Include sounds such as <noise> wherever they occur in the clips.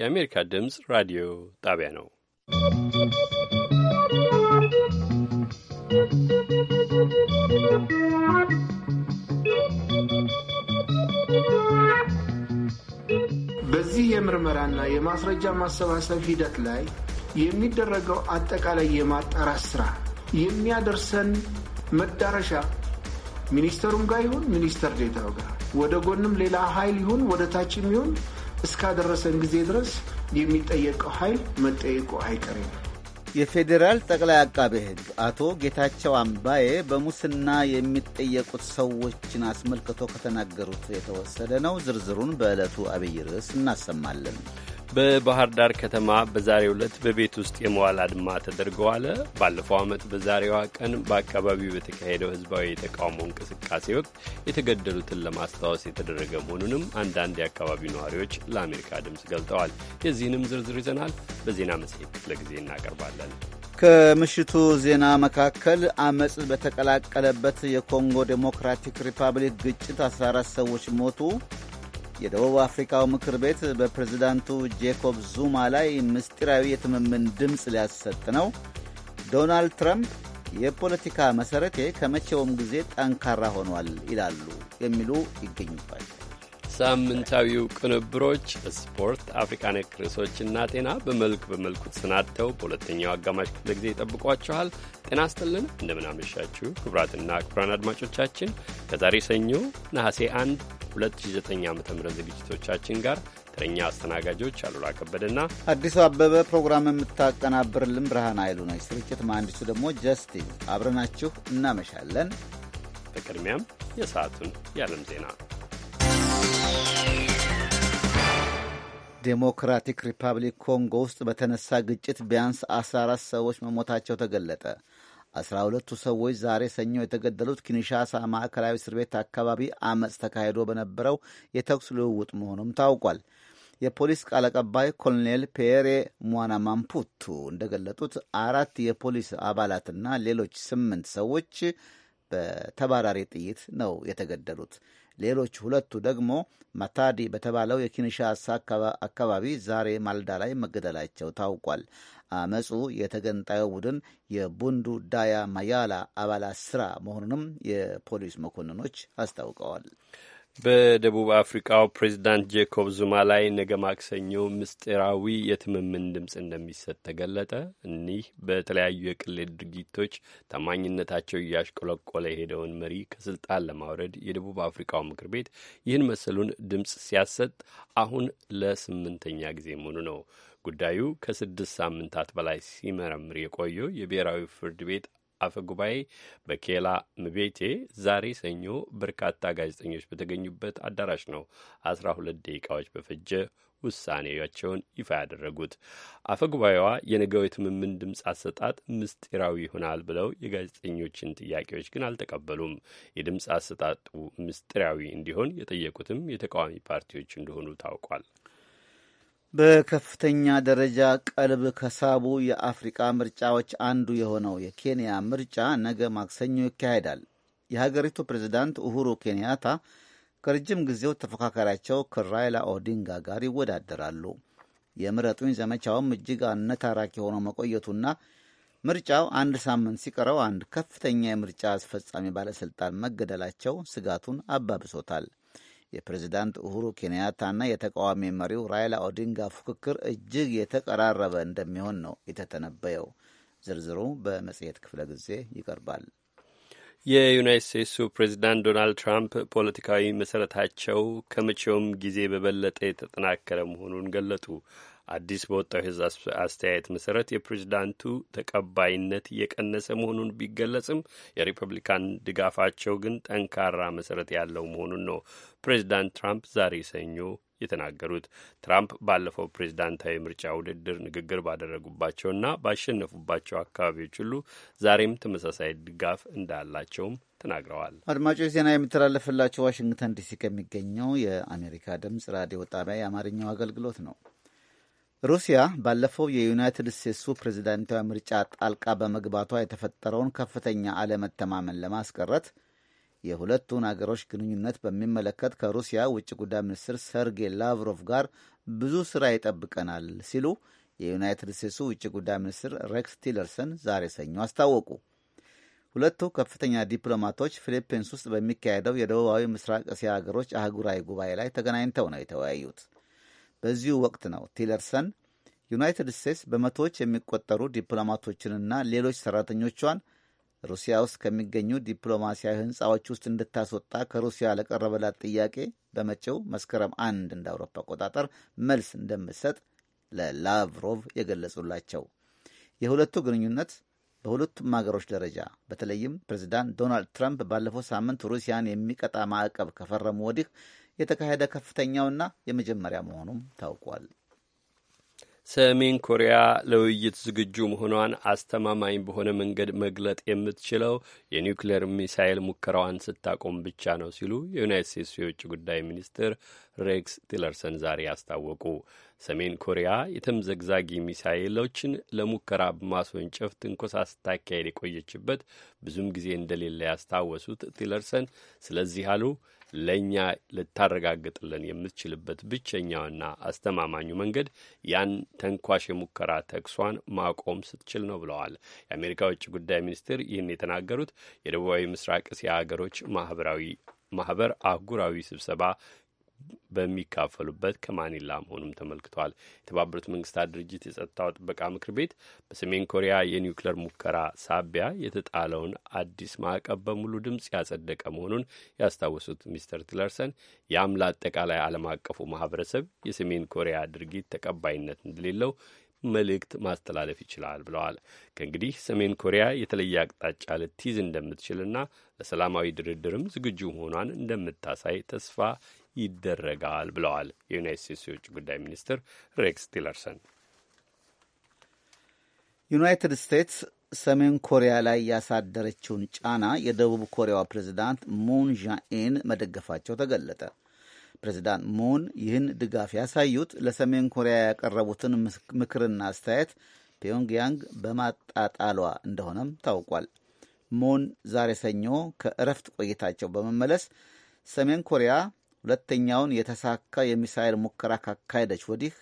የአሜሪካ ድምፅ ራዲዮ ጣቢያ ነው። በዚህ የምርመራና የማስረጃ ማሰባሰብ ሂደት ላይ የሚደረገው አጠቃላይ የማጣራት ስራ የሚያደርሰን መዳረሻ ሚኒስተሩም ጋር ይሁን ሚኒስተር ዴታው ጋር ወደ ጎንም ሌላ ኃይል ይሁን ወደ ታችም ይሁን እስካደረሰን ጊዜ ድረስ የሚጠየቀው ኃይል መጠየቁ አይቀሬ የፌዴራል ጠቅላይ አቃቤ ሕግ አቶ ጌታቸው አምባዬ በሙስና የሚጠየቁት ሰዎችን አስመልክቶ ከተናገሩት የተወሰደ ነው። ዝርዝሩን በዕለቱ አብይ ርዕስ እናሰማለን። በባህር ዳር ከተማ በዛሬው ዕለት በቤት ውስጥ የመዋል አድማ ተደርገዋል። ባለፈው ዓመት በዛሬዋ ቀን በአካባቢው በተካሄደው ህዝባዊ የተቃውሞ እንቅስቃሴ ወቅት የተገደሉትን ለማስታወስ የተደረገ መሆኑንም አንዳንድ የአካባቢው ነዋሪዎች ለአሜሪካ ድምፅ ገልጠዋል። የዚህንም ዝርዝር ይዘናል በዜና መጽሔት ክፍለ ጊዜ እናቀርባለን። ከምሽቱ ዜና መካከል አመፅ በተቀላቀለበት የኮንጎ ዴሞክራቲክ ሪፐብሊክ ግጭት 14 ሰዎች ሞቱ። የደቡብ አፍሪካው ምክር ቤት በፕሬዝዳንቱ ጄኮብ ዙማ ላይ ምስጢራዊ የትምምን ድምፅ ሊያሰጥ ነው። ዶናልድ ትራምፕ የፖለቲካ መሠረቴ ከመቼውም ጊዜ ጠንካራ ሆኗል ይላሉ የሚሉ ይገኙባቸው ሳምንታዊው ቅንብሮች ስፖርት፣ አፍሪካ ነክ ርዕሶችና ጤና በመልክ በመልኩ ተሰናድተው በሁለተኛው አጋማሽ ክፍለ ጊዜ ይጠብቋችኋል። ጤና ስጥልን እንደምናመሻችሁ ክቡራትና ክቡራን አድማጮቻችን ከዛሬ ሰኞ ነሐሴ 1 2009 ዓ ም ዝግጅቶቻችን ጋር ተረኛ አስተናጋጆች አሉላ ከበደና አዲሱ አበበ፣ ፕሮግራም የምታቀናብርልን ብርሃን አይሉ ነች። ስርጭት መሐንዲሱ ደግሞ ጀስቲን። አብረናችሁ እናመሻለን። በቅድሚያም የሰዓቱን የዓለም ዜና ዴሞክራቲክ ሪፐብሊክ ኮንጎ ውስጥ በተነሳ ግጭት ቢያንስ 14 ሰዎች መሞታቸው ተገለጠ። 12ቱ ሰዎች ዛሬ ሰኞ የተገደሉት ኪንሻሳ ማዕከላዊ እስር ቤት አካባቢ አመፅ ተካሂዶ በነበረው የተኩስ ልውውጥ መሆኑም ታውቋል። የፖሊስ ቃል አቀባይ ኮሎኔል ፔሬ ሟናማምፑቱ እንደገለጡት አራት የፖሊስ አባላትና ሌሎች ስምንት ሰዎች በተባራሪ ጥይት ነው የተገደሉት። ሌሎች ሁለቱ ደግሞ ማታዲ በተባለው የኪንሻሳ አካባቢ ዛሬ ማልዳ ላይ መገደላቸው ታውቋል። አመፁ የተገንጣዩ ቡድን የቡንዱ ዳያ ማያላ አባላት ስራ መሆኑንም የፖሊስ መኮንኖች አስታውቀዋል። በደቡብ አፍሪካው ፕሬዚዳንት ጄኮብ ዙማ ላይ ነገ ማክሰኞ ምስጢራዊ የትምምን ድምፅ እንደሚሰጥ ተገለጠ። እኒህ በተለያዩ የቅሌት ድርጊቶች ታማኝነታቸው እያሽቆለቆለ የሄደውን መሪ ከስልጣን ለማውረድ የደቡብ አፍሪካው ምክር ቤት ይህን መሰሉን ድምፅ ሲያሰጥ አሁን ለስምንተኛ ጊዜ መሆኑ ነው። ጉዳዩ ከስድስት ሳምንታት በላይ ሲመረምር የቆየው የብሔራዊ ፍርድ ቤት አፈ ጉባኤ በኬላ ምቤቴ ዛሬ ሰኞ በርካታ ጋዜጠኞች በተገኙበት አዳራሽ ነው አስራ ሁለት ደቂቃዎች በፈጀ ውሳኔያቸውን ይፋ ያደረጉት። አፈ ጉባኤዋ የነገው የትምምን ድምፅ አሰጣጥ ምስጢራዊ ይሆናል ብለው የጋዜጠኞችን ጥያቄዎች ግን አልተቀበሉም። የድምፅ አሰጣጡ ምስጢራዊ እንዲሆን የጠየቁትም የተቃዋሚ ፓርቲዎች እንደሆኑ ታውቋል። በከፍተኛ ደረጃ ቀልብ ከሳቡ የአፍሪቃ ምርጫዎች አንዱ የሆነው የኬንያ ምርጫ ነገ ማክሰኞ ይካሄዳል። የሀገሪቱ ፕሬዚዳንት ኡሁሩ ኬንያታ ከረጅም ጊዜው ተፎካካሪያቸው ከራይላ ኦዲንጋ ጋር ይወዳደራሉ። የምረጡኝ ዘመቻውም እጅግ አነታራኪ ሆኖ መቆየቱና ምርጫው አንድ ሳምንት ሲቀረው አንድ ከፍተኛ የምርጫ አስፈጻሚ ባለሥልጣን መገደላቸው ስጋቱን አባብሶታል። የፕሬዚዳንት ኡሁሩ ኬንያታና የተቃዋሚ መሪው ራይላ ኦዲንጋ ፉክክር እጅግ የተቀራረበ እንደሚሆን ነው የተተነበየው። ዝርዝሩ በመጽሔት ክፍለ ጊዜ ይቀርባል። የዩናይት ስቴትሱ ፕሬዚዳንት ዶናልድ ትራምፕ ፖለቲካዊ መሰረታቸው ከመቼውም ጊዜ በበለጠ የተጠናከረ መሆኑን ገለጡ። አዲስ በወጣው ሕዝብ አስተያየት መሰረት የፕሬዚዳንቱ ተቀባይነት የቀነሰ መሆኑን ቢገለጽም የሪፐብሊካን ድጋፋቸው ግን ጠንካራ መሰረት ያለው መሆኑን ነው ፕሬዚዳንት ትራምፕ ዛሬ ሰኞ የተናገሩት። ትራምፕ ባለፈው ፕሬዚዳንታዊ ምርጫ ውድድር ንግግር ባደረጉባቸውና ባሸነፉባቸው አካባቢዎች ሁሉ ዛሬም ተመሳሳይ ድጋፍ እንዳላቸውም ተናግረዋል። አድማጮች ዜና የሚተላለፍላቸው ዋሽንግተን ዲሲ ከሚገኘው የአሜሪካ ድምጽ ራዲዮ ጣቢያ የአማርኛው አገልግሎት ነው። ሩሲያ ባለፈው የዩናይትድ ስቴትሱ ፕሬዝዳንታዊ ምርጫ ጣልቃ በመግባቷ የተፈጠረውን ከፍተኛ አለመተማመን ለማስቀረት የሁለቱን አገሮች ግንኙነት በሚመለከት ከሩሲያ ውጭ ጉዳይ ሚኒስትር ሰርጌይ ላቭሮቭ ጋር ብዙ ስራ ይጠብቀናል ሲሉ የዩናይትድ ስቴትሱ ውጭ ጉዳይ ሚኒስትር ሬክስ ቲለርሰን ዛሬ ሰኞ አስታወቁ። ሁለቱ ከፍተኛ ዲፕሎማቶች ፊሊፒንስ ውስጥ በሚካሄደው የደቡባዊ ምስራቅ እስያ አገሮች አህጉራዊ ጉባኤ ላይ ተገናኝተው ነው የተወያዩት። በዚሁ ወቅት ነው ቲለርሰን ዩናይትድ ስቴትስ በመቶዎች የሚቆጠሩ ዲፕሎማቶችንና ሌሎች ሰራተኞቿን ሩሲያ ውስጥ ከሚገኙ ዲፕሎማሲያዊ ህንፃዎች ውስጥ እንድታስወጣ ከሩሲያ ለቀረበላት ጥያቄ በመጪው መስከረም አንድ እንደ አውሮፓ አቆጣጠር መልስ እንደምትሰጥ ለላቭሮቭ የገለጹላቸው የሁለቱ ግንኙነት በሁለቱም ሀገሮች ደረጃ በተለይም ፕሬዚዳንት ዶናልድ ትራምፕ ባለፈው ሳምንት ሩሲያን የሚቀጣ ማዕቀብ ከፈረሙ ወዲህ የተካሄደ ከፍተኛውና የመጀመሪያ መሆኑም ታውቋል። ሰሜን ኮሪያ ለውይይት ዝግጁ መሆኗን አስተማማኝ በሆነ መንገድ መግለጥ የምትችለው የኒውክሌር ሚሳይል ሙከራዋን ስታቆም ብቻ ነው ሲሉ የዩናይት ስቴትስ የውጭ ጉዳይ ሚኒስትር ሬክስ ቲለርሰን ዛሬ አስታወቁ። ሰሜን ኮሪያ የተምዘግዛጊ ሚሳይሎችን ለሙከራ በማስወንጨፍ ትንኮሳ ስታካሄድ የቆየችበት ብዙም ጊዜ እንደሌለ ያስታወሱት ቲለርሰን ስለዚህ አሉ ለእኛ ልታረጋግጥልን የምትችልበት ብቸኛውና አስተማማኙ መንገድ ያን ተንኳሽ የሙከራ ተኩሷን ማቆም ስትችል ነው ብለዋል። የአሜሪካ ውጭ ጉዳይ ሚኒስትር ይህን የተናገሩት የደቡባዊ ምስራቅ እስያ ሀገሮች ማህበራዊ ማህበር አህጉራዊ ስብሰባ በሚካፈሉበት ከማኒላ መሆኑም ተመልክቷል። የተባበሩት መንግስታት ድርጅት የጸጥታው ጥበቃ ምክር ቤት በሰሜን ኮሪያ የኒውክሌር ሙከራ ሳቢያ የተጣለውን አዲስ ማዕቀብ በሙሉ ድምፅ ያጸደቀ መሆኑን ያስታወሱት ሚስተር ቲለርሰን ያም ለአጠቃላይ ዓለም አቀፉ ማህበረሰብ የሰሜን ኮሪያ ድርጊት ተቀባይነት እንደሌለው መልእክት ማስተላለፍ ይችላል ብለዋል። ከእንግዲህ ሰሜን ኮሪያ የተለየ አቅጣጫ ልትይዝ እንደምትችልና ለሰላማዊ ድርድርም ዝግጁ መሆኗን እንደምታሳይ ተስፋ ይደረጋል ብለዋል የዩናይት ስቴትስ የውጭ ጉዳይ ሚኒስትር ሬክስ ቲለርሰን። ዩናይትድ ስቴትስ ሰሜን ኮሪያ ላይ ያሳደረችውን ጫና የደቡብ ኮሪያዋ ፕሬዚዳንት ሙን ዣኤን መደገፋቸው ተገለጠ። ፕሬዚዳንት ሙን ይህን ድጋፍ ያሳዩት ለሰሜን ኮሪያ ያቀረቡትን ምክርና አስተያየት ፒዮንግያንግ በማጣጣሏ እንደሆነም ታውቋል። ሙን ዛሬ ሰኞ ከእረፍት ቆይታቸው በመመለስ ሰሜን ኮሪያ ሁለተኛውን የተሳካ የሚሳኤል ሙከራ ካካሄደች ወዲህ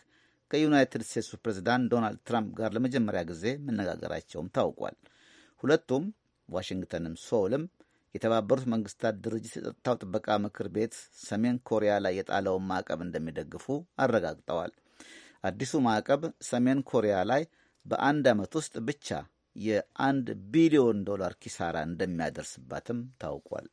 ከዩናይትድ ስቴትሱ ፕሬዝዳንት ዶናልድ ትራምፕ ጋር ለመጀመሪያ ጊዜ መነጋገራቸውም ታውቋል። ሁለቱም ዋሽንግተንም ሶውልም የተባበሩት መንግስታት ድርጅት የጸጥታው ጥበቃ ምክር ቤት ሰሜን ኮሪያ ላይ የጣለውን ማዕቀብ እንደሚደግፉ አረጋግጠዋል። አዲሱ ማዕቀብ ሰሜን ኮሪያ ላይ በአንድ ዓመት ውስጥ ብቻ የአንድ ቢሊዮን ዶላር ኪሳራ እንደሚያደርስባትም ታውቋል።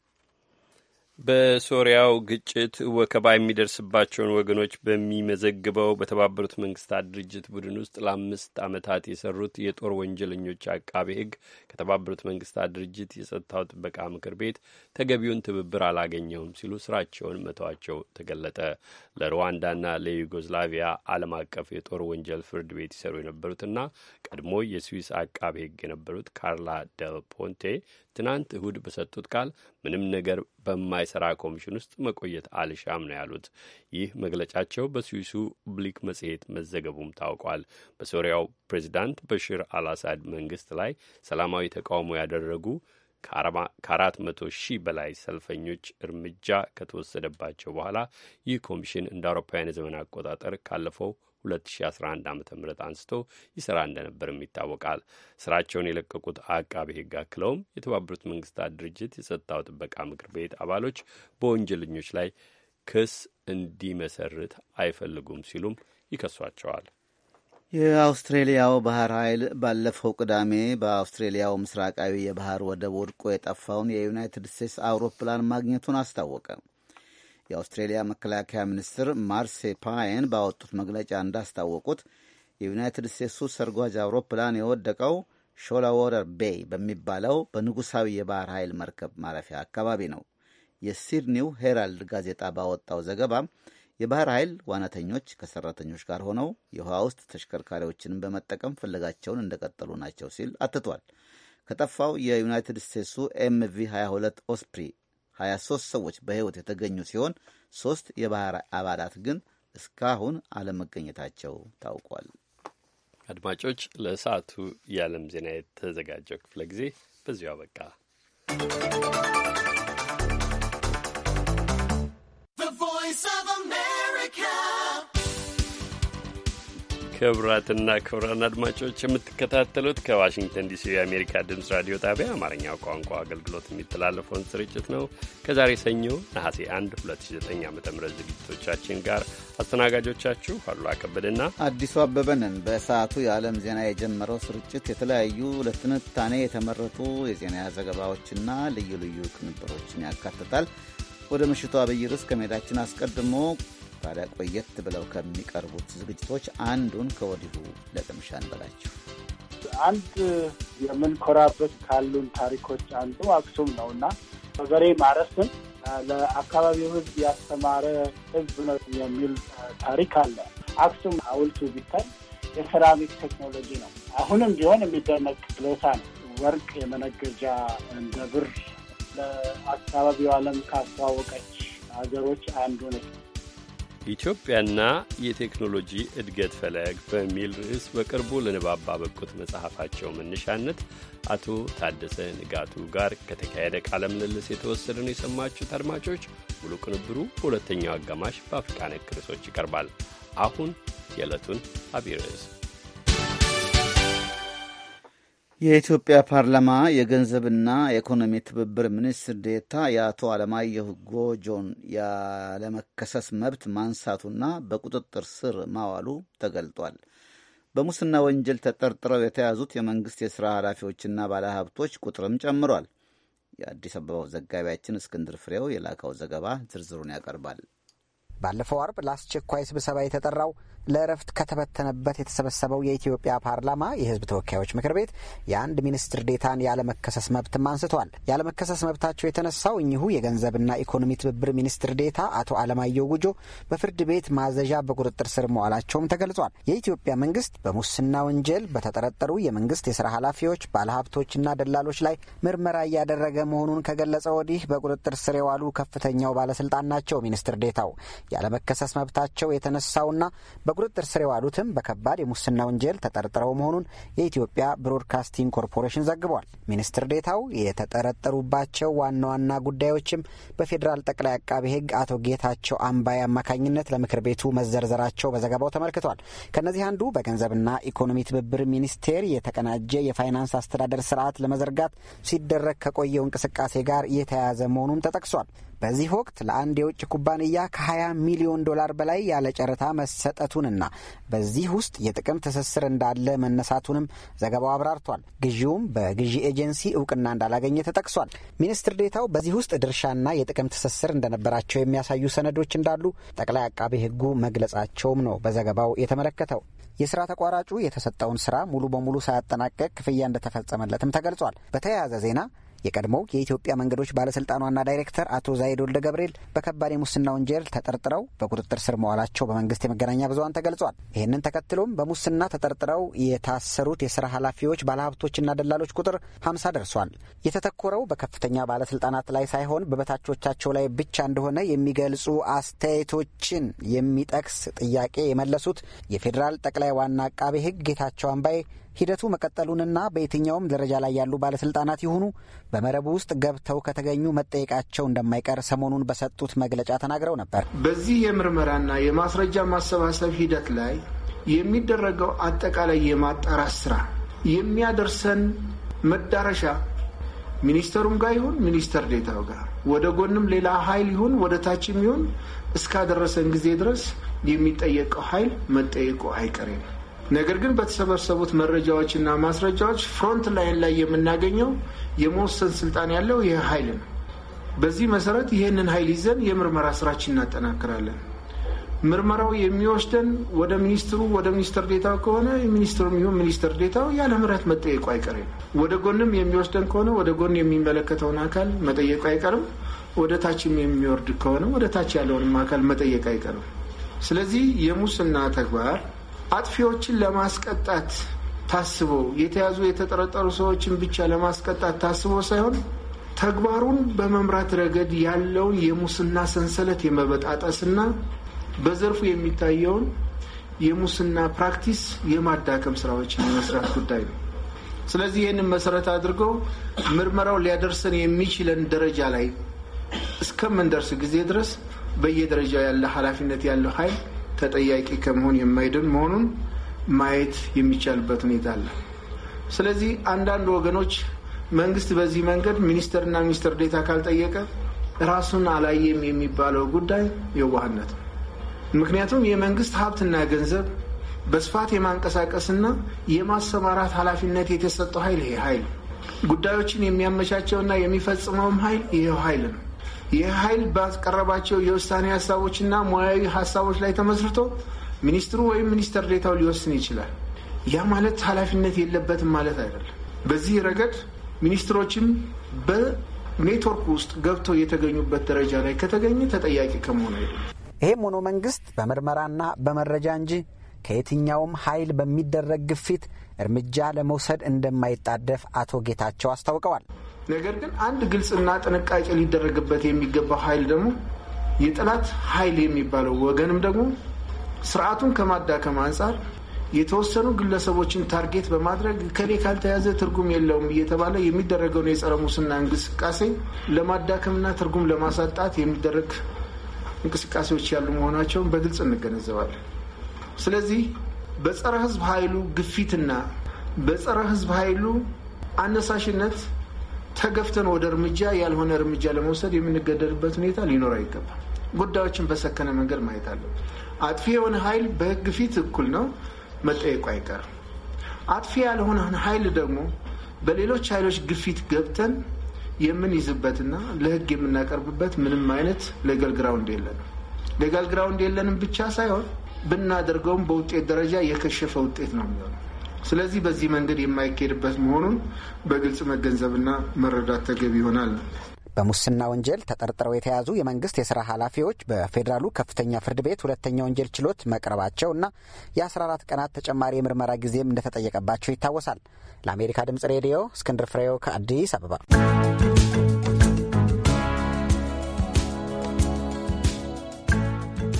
በሶሪያው ግጭት ወከባ የሚደርስባቸውን ወገኖች በሚመዘግበው በተባበሩት መንግስታት ድርጅት ቡድን ውስጥ ለአምስት ዓመታት የሰሩት የጦር ወንጀለኞች አቃቤ ሕግ ከተባበሩት መንግስታት ድርጅት የጸጥታው ጥበቃ ምክር ቤት ተገቢውን ትብብር አላገኘውም ሲሉ ስራቸውን መተዋቸው ተገለጠ። ለሩዋንዳና ለዩጎዝላቪያ ዓለም አቀፍ የጦር ወንጀል ፍርድ ቤት ይሰሩ የነበሩትና ቀድሞ የስዊስ አቃቤ ሕግ የነበሩት ካርላ ደል ፖንቴ ትናንት እሁድ በሰጡት ቃል ምንም ነገር በማይሰራ ኮሚሽን ውስጥ መቆየት አልሻም ነው ያሉት። ይህ መግለጫቸው በስዊሱ ብሊክ መጽሔት መዘገቡም ታውቋል። በሶሪያው ፕሬዚዳንት በሽር አልአሳድ መንግስት ላይ ሰላማዊ ተቃውሞ ያደረጉ ከአራት መቶ ሺህ በላይ ሰልፈኞች እርምጃ ከተወሰደባቸው በኋላ ይህ ኮሚሽን እንደ አውሮፓውያን የዘመን አቆጣጠር ካለፈው 2011 ዓ ም አንስቶ ይሠራ እንደነበርም ይታወቃል። ስራቸውን የለቀቁት አቃቢ ሕግ አክለውም የተባበሩት መንግስታት ድርጅት የጸጥታው ጥበቃ ምክር ቤት አባሎች በወንጀለኞች ላይ ክስ እንዲመሰርት አይፈልጉም ሲሉም ይከሷቸዋል። የአውስትሬሊያው ባህር ኃይል ባለፈው ቅዳሜ በአውስትሬሊያው ምስራቃዊ የባህር ወደብ ወድቆ የጠፋውን የዩናይትድ ስቴትስ አውሮፕላን ማግኘቱን አስታወቀ። የአውስትሬሊያ መከላከያ ሚኒስትር ማርሴ ፓየን ባወጡት መግለጫ እንዳስታወቁት የዩናይትድ ስቴትሱ ሰርጓጅ አውሮፕላን የወደቀው ሾላወረር ቤይ በሚባለው በንጉሳዊ የባህር ኃይል መርከብ ማረፊያ አካባቢ ነው። የሲድኒው ሄራልድ ጋዜጣ ባወጣው ዘገባ የባህር ኃይል ዋናተኞች ከሰራተኞች ጋር ሆነው የውሃ ውስጥ ተሽከርካሪዎችንም በመጠቀም ፍለጋቸውን እንደቀጠሉ ናቸው ሲል አትቷል። ከጠፋው የዩናይትድ ስቴትሱ ኤምቪ 22 ኦስፕሪ 23 ሰዎች በሕይወት የተገኙ ሲሆን ሦስት የባህር አባላት ግን እስካሁን አለመገኘታቸው ታውቋል። አድማጮች፣ ለሰዓቱ የዓለም ዜና የተዘጋጀው ክፍለ ጊዜ በዚሁ አበቃ። ክብራትና ክብራን አድማጮች የምትከታተሉት ከዋሽንግተን ዲሲ የአሜሪካ ድምፅ ራዲዮ ጣቢያ አማርኛው ቋንቋ አገልግሎት የሚተላለፈውን ስርጭት ነው። ከዛሬ ሰኞ ነሐሴ 1 2009 ዓ ም ዝግጅቶቻችን ጋር አስተናጋጆቻችሁ አሉላ ከበደና አዲሱ አበበንን በሰዓቱ የዓለም ዜና የጀመረው ስርጭት የተለያዩ ለትንታኔ የተመረጡ የዜና ዘገባዎችና ልዩ ልዩ ቅንብሮችን ያካትታል። ወደ ምሽቱ አብይ ርዕስ ከመሄዳችን አስቀድሞ ታዲያ ቆየት ብለው ከሚቀርቡት ዝግጅቶች አንዱን ከወዲሁ ለቅምሻ እንበላችሁ። አንድ የምንኮራበት ካሉን ታሪኮች አንዱ አክሱም ነው እና በበሬ ማረስን ለአካባቢው ሕዝብ ያስተማረ ሕዝብ ነው የሚል ታሪክ አለ። አክሱም ሐውልቱ ቢታይ የሴራሚክ ቴክኖሎጂ ነው። አሁንም ቢሆን የሚደነቅ ችሎታ ነው። ወርቅ የመነገጃ እንደ ብር ለአካባቢው ዓለም ካስተዋወቀች ሀገሮች አንዱ ነች። ኢትዮጵያና የቴክኖሎጂ እድገት ፈለግ በሚል ርዕስ በቅርቡ ለንባብ ባበቁት መጽሐፋቸው መነሻነት አቶ ታደሰ ንጋቱ ጋር ከተካሄደ ቃለ ምልልስ የተወሰደ ነው የሰማችሁት። አድማጮች ሙሉ ቅንብሩ በሁለተኛው አጋማሽ በአፍሪቃ ነክ ርዕሶች ይቀርባል። አሁን የዕለቱን አብይ ርዕስ የኢትዮጵያ ፓርላማ የገንዘብና የኢኮኖሚ ትብብር ሚኒስትር ዴታ የአቶ አለማየሁ ጎጆን ያለመከሰስ መብት ማንሳቱና በቁጥጥር ስር ማዋሉ ተገልጧል። በሙስና ወንጀል ተጠርጥረው የተያዙት የመንግስት የሥራ ኃላፊዎችና ባለሀብቶች ቁጥርም ጨምሯል። የአዲስ አበባው ዘጋቢያችን እስክንድር ፍሬው የላከው ዘገባ ዝርዝሩን ያቀርባል። ባለፈው አርብ ለአስቸኳይ ስብሰባ የተጠራው ለእረፍት ከተበተነበት የተሰበሰበው የኢትዮጵያ ፓርላማ የሕዝብ ተወካዮች ምክር ቤት የአንድ ሚኒስትር ዴታን ያለመከሰስ መብትም አንስቷል። ያለመከሰስ መብታቸው የተነሳው እኚሁ የገንዘብና ኢኮኖሚ ትብብር ሚኒስትር ዴታ አቶ አለማየሁ ጉጆ በፍርድ ቤት ማዘዣ በቁጥጥር ስር መዋላቸውም ተገልጿል። የኢትዮጵያ መንግስት በሙስና ወንጀል በተጠረጠሩ የመንግስት የስራ ኃላፊዎች፣ ባለሀብቶችና ደላሎች ላይ ምርመራ እያደረገ መሆኑን ከገለጸ ወዲህ በቁጥጥር ስር የዋሉ ከፍተኛው ባለስልጣን ናቸው ሚኒስትር ዴታው ያለመከሰስ መብታቸው የተነሳውና በቁጥጥር ስር የዋሉትም በከባድ የሙስና ወንጀል ተጠርጥረው መሆኑን የኢትዮጵያ ብሮድካስቲንግ ኮርፖሬሽን ዘግቧል። ሚኒስትር ዴታው የተጠረጠሩባቸው ዋና ዋና ጉዳዮችም በፌዴራል ጠቅላይ አቃቤ ሕግ አቶ ጌታቸው አምባይ አማካኝነት ለምክር ቤቱ መዘርዘራቸው በዘገባው ተመልክቷል። ከእነዚህ አንዱ በገንዘብና ኢኮኖሚ ትብብር ሚኒስቴር የተቀናጀ የፋይናንስ አስተዳደር ስርዓት ለመዘርጋት ሲደረግ ከቆየው እንቅስቃሴ ጋር የተያያዘ መሆኑም ተጠቅሷል። በዚህ ወቅት ለአንድ የውጭ ኩባንያ ከ20 ሚሊዮን ዶላር በላይ ያለ ጨረታ መሰጠቱንና በዚህ ውስጥ የጥቅም ትስስር እንዳለ መነሳቱንም ዘገባው አብራርቷል። ግዢውም በግዢ ኤጀንሲ እውቅና እንዳላገኘ ተጠቅሷል። ሚኒስትር ዴታው በዚህ ውስጥ ድርሻና የጥቅም ትስስር እንደነበራቸው የሚያሳዩ ሰነዶች እንዳሉ ጠቅላይ አቃቤ ሕጉ መግለጻቸውም ነው በዘገባው የተመለከተው። የስራ ተቋራጩ የተሰጠውን ስራ ሙሉ በሙሉ ሳያጠናቀቅ ክፍያ እንደተፈጸመለትም ተገልጿል። በተያያዘ ዜና የቀድሞው የኢትዮጵያ መንገዶች ባለስልጣን ዋና ዳይሬክተር አቶ ዛይድ ወልደ ገብርኤል በከባድ የሙስና ወንጀል ተጠርጥረው በቁጥጥር ስር መዋላቸው በመንግስት የመገናኛ ብዙሀን ተገልጿል። ይህንን ተከትሎም በሙስና ተጠርጥረው የታሰሩት የስራ ኃላፊዎች፣ ባለሀብቶችና ደላሎች ቁጥር ሀምሳ ደርሷል። የተተኮረው በከፍተኛ ባለስልጣናት ላይ ሳይሆን በበታቾቻቸው ላይ ብቻ እንደሆነ የሚገልጹ አስተያየቶችን የሚጠቅስ ጥያቄ የመለሱት የፌዴራል ጠቅላይ ዋና አቃቤ ህግ ጌታቸው አምባዬ ሂደቱ መቀጠሉንና በየትኛውም ደረጃ ላይ ያሉ ባለስልጣናት ይሁኑ በመረቡ ውስጥ ገብተው ከተገኙ መጠየቃቸው እንደማይቀር ሰሞኑን በሰጡት መግለጫ ተናግረው ነበር። በዚህ የምርመራና የማስረጃ ማሰባሰብ ሂደት ላይ የሚደረገው አጠቃላይ የማጣራት ስራ የሚያደርሰን መዳረሻ ሚኒስተሩም ጋር ይሁን ሚኒስተር ዴታው ጋር ወደ ጎንም ሌላ ኃይል ይሁን ወደ ታችም ይሁን እስካደረሰን ጊዜ ድረስ የሚጠየቀው ኃይል መጠየቁ አይቀሬ ነው። ነገር ግን በተሰበሰቡት መረጃዎችና ማስረጃዎች ፍሮንት ላይን ላይ የምናገኘው የመወሰን ስልጣን ያለው ይህ ኃይል ነው። በዚህ መሰረት ይህንን ኃይል ይዘን የምርመራ ስራችን እናጠናክራለን። ምርመራው የሚወስደን ወደ ሚኒስትሩ ወደ ሚኒስትር ዴታው ከሆነ ሚኒስትሩ ይሁን ሚኒስትር ዴታው ያለ ምህረት መጠየቁ አይቀርም። ወደ ጎንም የሚወስደን ከሆነ ወደ ጎን የሚመለከተውን አካል መጠየቁ አይቀርም። ወደ ታችም የሚወርድ ከሆነ ወደ ታች ያለውንም አካል መጠየቅ አይቀርም። ስለዚህ የሙስና ተግባር አጥፊዎችን ለማስቀጣት ታስቦ የተያዙ የተጠረጠሩ ሰዎችን ብቻ ለማስቀጣት ታስቦ ሳይሆን ተግባሩን በመምራት ረገድ ያለውን የሙስና ሰንሰለት የመበጣጠስና በዘርፉ የሚታየውን የሙስና ፕራክቲስ የማዳከም ስራዎችን የመስራት ጉዳይ ነው። ስለዚህ ይህንን መሰረት አድርገው ምርመራው ሊያደርሰን የሚችለን ደረጃ ላይ እስከምንደርስ ጊዜ ድረስ በየደረጃው ያለ ኃላፊነት ያለው ኃይል ተጠያቂ ከመሆን የማይድን መሆኑን ማየት የሚቻልበት ሁኔታ አለ። ስለዚህ አንዳንድ ወገኖች መንግስት በዚህ መንገድ ሚኒስተርና ሚኒስተር ዴታ ካልጠየቀ ራሱን አላየም የሚባለው ጉዳይ የዋህነት ነው። ምክንያቱም የመንግስት ሀብትና ገንዘብ በስፋት የማንቀሳቀስና የማሰማራት ኃላፊነት የተሰጠው ኃይል ይሄ ኃይል ጉዳዮችን የሚያመቻቸውና የሚፈጽመውም ኃይል ይሄው ኃይል ነው። ይህ ኃይል ባቀረባቸው የውሳኔ ሀሳቦችና ሙያዊ ሀሳቦች ላይ ተመስርቶ ሚኒስትሩ ወይም ሚኒስተር ዴታው ሊወስን ይችላል። ያ ማለት ኃላፊነት የለበትም ማለት አይደለም። በዚህ ረገድ ሚኒስትሮችም በኔትወርክ ውስጥ ገብተው የተገኙበት ደረጃ ላይ ከተገኘ ተጠያቂ ከመሆኑ አይደለም። ይህም ሆኖ መንግስት በምርመራና በመረጃ እንጂ ከየትኛውም ኃይል በሚደረግ ግፊት እርምጃ ለመውሰድ እንደማይጣደፍ አቶ ጌታቸው አስታውቀዋል። ነገር ግን አንድ ግልጽና ጥንቃቄ ሊደረግበት የሚገባው ኃይል ደግሞ የጠላት ኃይል የሚባለው ወገንም ደግሞ ስርዓቱን ከማዳከም አንጻር የተወሰኑ ግለሰቦችን ታርጌት በማድረግ ከሌ ካልተያዘ ትርጉም የለውም እየተባለ የሚደረገውን የጸረ ሙስና እንቅስቃሴ ለማዳከምና ትርጉም ለማሳጣት የሚደረግ እንቅስቃሴዎች ያሉ መሆናቸውን በግልጽ እንገነዘባለን። ስለዚህ በጸረ ህዝብ ኃይሉ ግፊትና በጸረ ህዝብ ኃይሉ አነሳሽነት ተገፍተን ወደ እርምጃ ያልሆነ እርምጃ ለመውሰድ የምንገደድበት ሁኔታ ሊኖር አይገባም። ጉዳዮችን በሰከነ መንገድ ማየት አለው። አጥፊ የሆነ ኃይል በህግ ፊት እኩል ነው መጠየቁ አይቀርም። አጥፊ ያልሆነ ኃይል ደግሞ በሌሎች ኃይሎች ግፊት ገብተን የምንይዝበትና ለህግ የምናቀርብበት ምንም አይነት ሌጋል ግራውንድ የለንም። ሌጋል ግራውንድ የለንም ብቻ ሳይሆን ብናደርገውም በውጤት ደረጃ የከሸፈ ውጤት ነው የሚሆነው። ስለዚህ በዚህ መንገድ የማይካሄድበት መሆኑን በግልጽ መገንዘብና መረዳት ተገቢ ይሆናል። በሙስና ወንጀል ተጠርጥረው የተያዙ የመንግስት የስራ ኃላፊዎች በፌዴራሉ ከፍተኛ ፍርድ ቤት ሁለተኛ ወንጀል ችሎት መቅረባቸውና የ14 ቀናት ተጨማሪ የምርመራ ጊዜም እንደተጠየቀባቸው ይታወሳል። ለአሜሪካ ድምጽ ሬዲዮ እስክንድር ፍሬው ከአዲስ አበባ።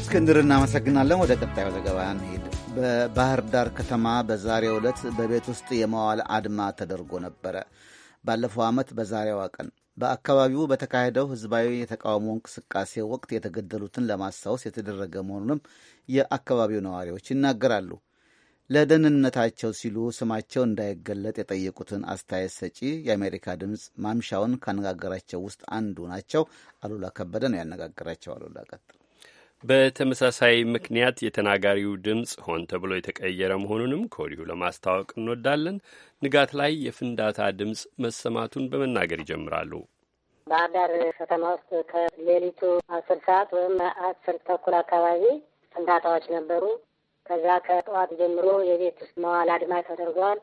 እስክንድር እናመሰግናለን። ወደ ቀጣዩ ዘገባ እንሄድ። በባህር ዳር ከተማ በዛሬው ዕለት በቤት ውስጥ የመዋል አድማ ተደርጎ ነበረ። ባለፈው ዓመት በዛሬዋ ቀን በአካባቢው በተካሄደው ህዝባዊ የተቃውሞ እንቅስቃሴ ወቅት የተገደሉትን ለማስታወስ የተደረገ መሆኑንም የአካባቢው ነዋሪዎች ይናገራሉ። ለደህንነታቸው ሲሉ ስማቸው እንዳይገለጥ የጠየቁትን አስተያየት ሰጪ የአሜሪካ ድምፅ ማምሻውን ካነጋገራቸው ውስጥ አንዱ ናቸው። አሉላ ከበደ ነው ያነጋገራቸው። አሉላ ቀጥል በተመሳሳይ ምክንያት የተናጋሪው ድምፅ ሆን ተብሎ የተቀየረ መሆኑንም ከወዲሁ ለማስታወቅ እንወዳለን። ንጋት ላይ የፍንዳታ ድምፅ መሰማቱን በመናገር ይጀምራሉ። ባህር ዳር ከተማ ውስጥ ከሌሊቱ አስር ሰዓት ወይም አስር ተኩል አካባቢ ፍንዳታዎች ነበሩ። ከዛ ከጠዋት ጀምሮ የቤት ውስጥ መዋል አድማ ተደርገዋል።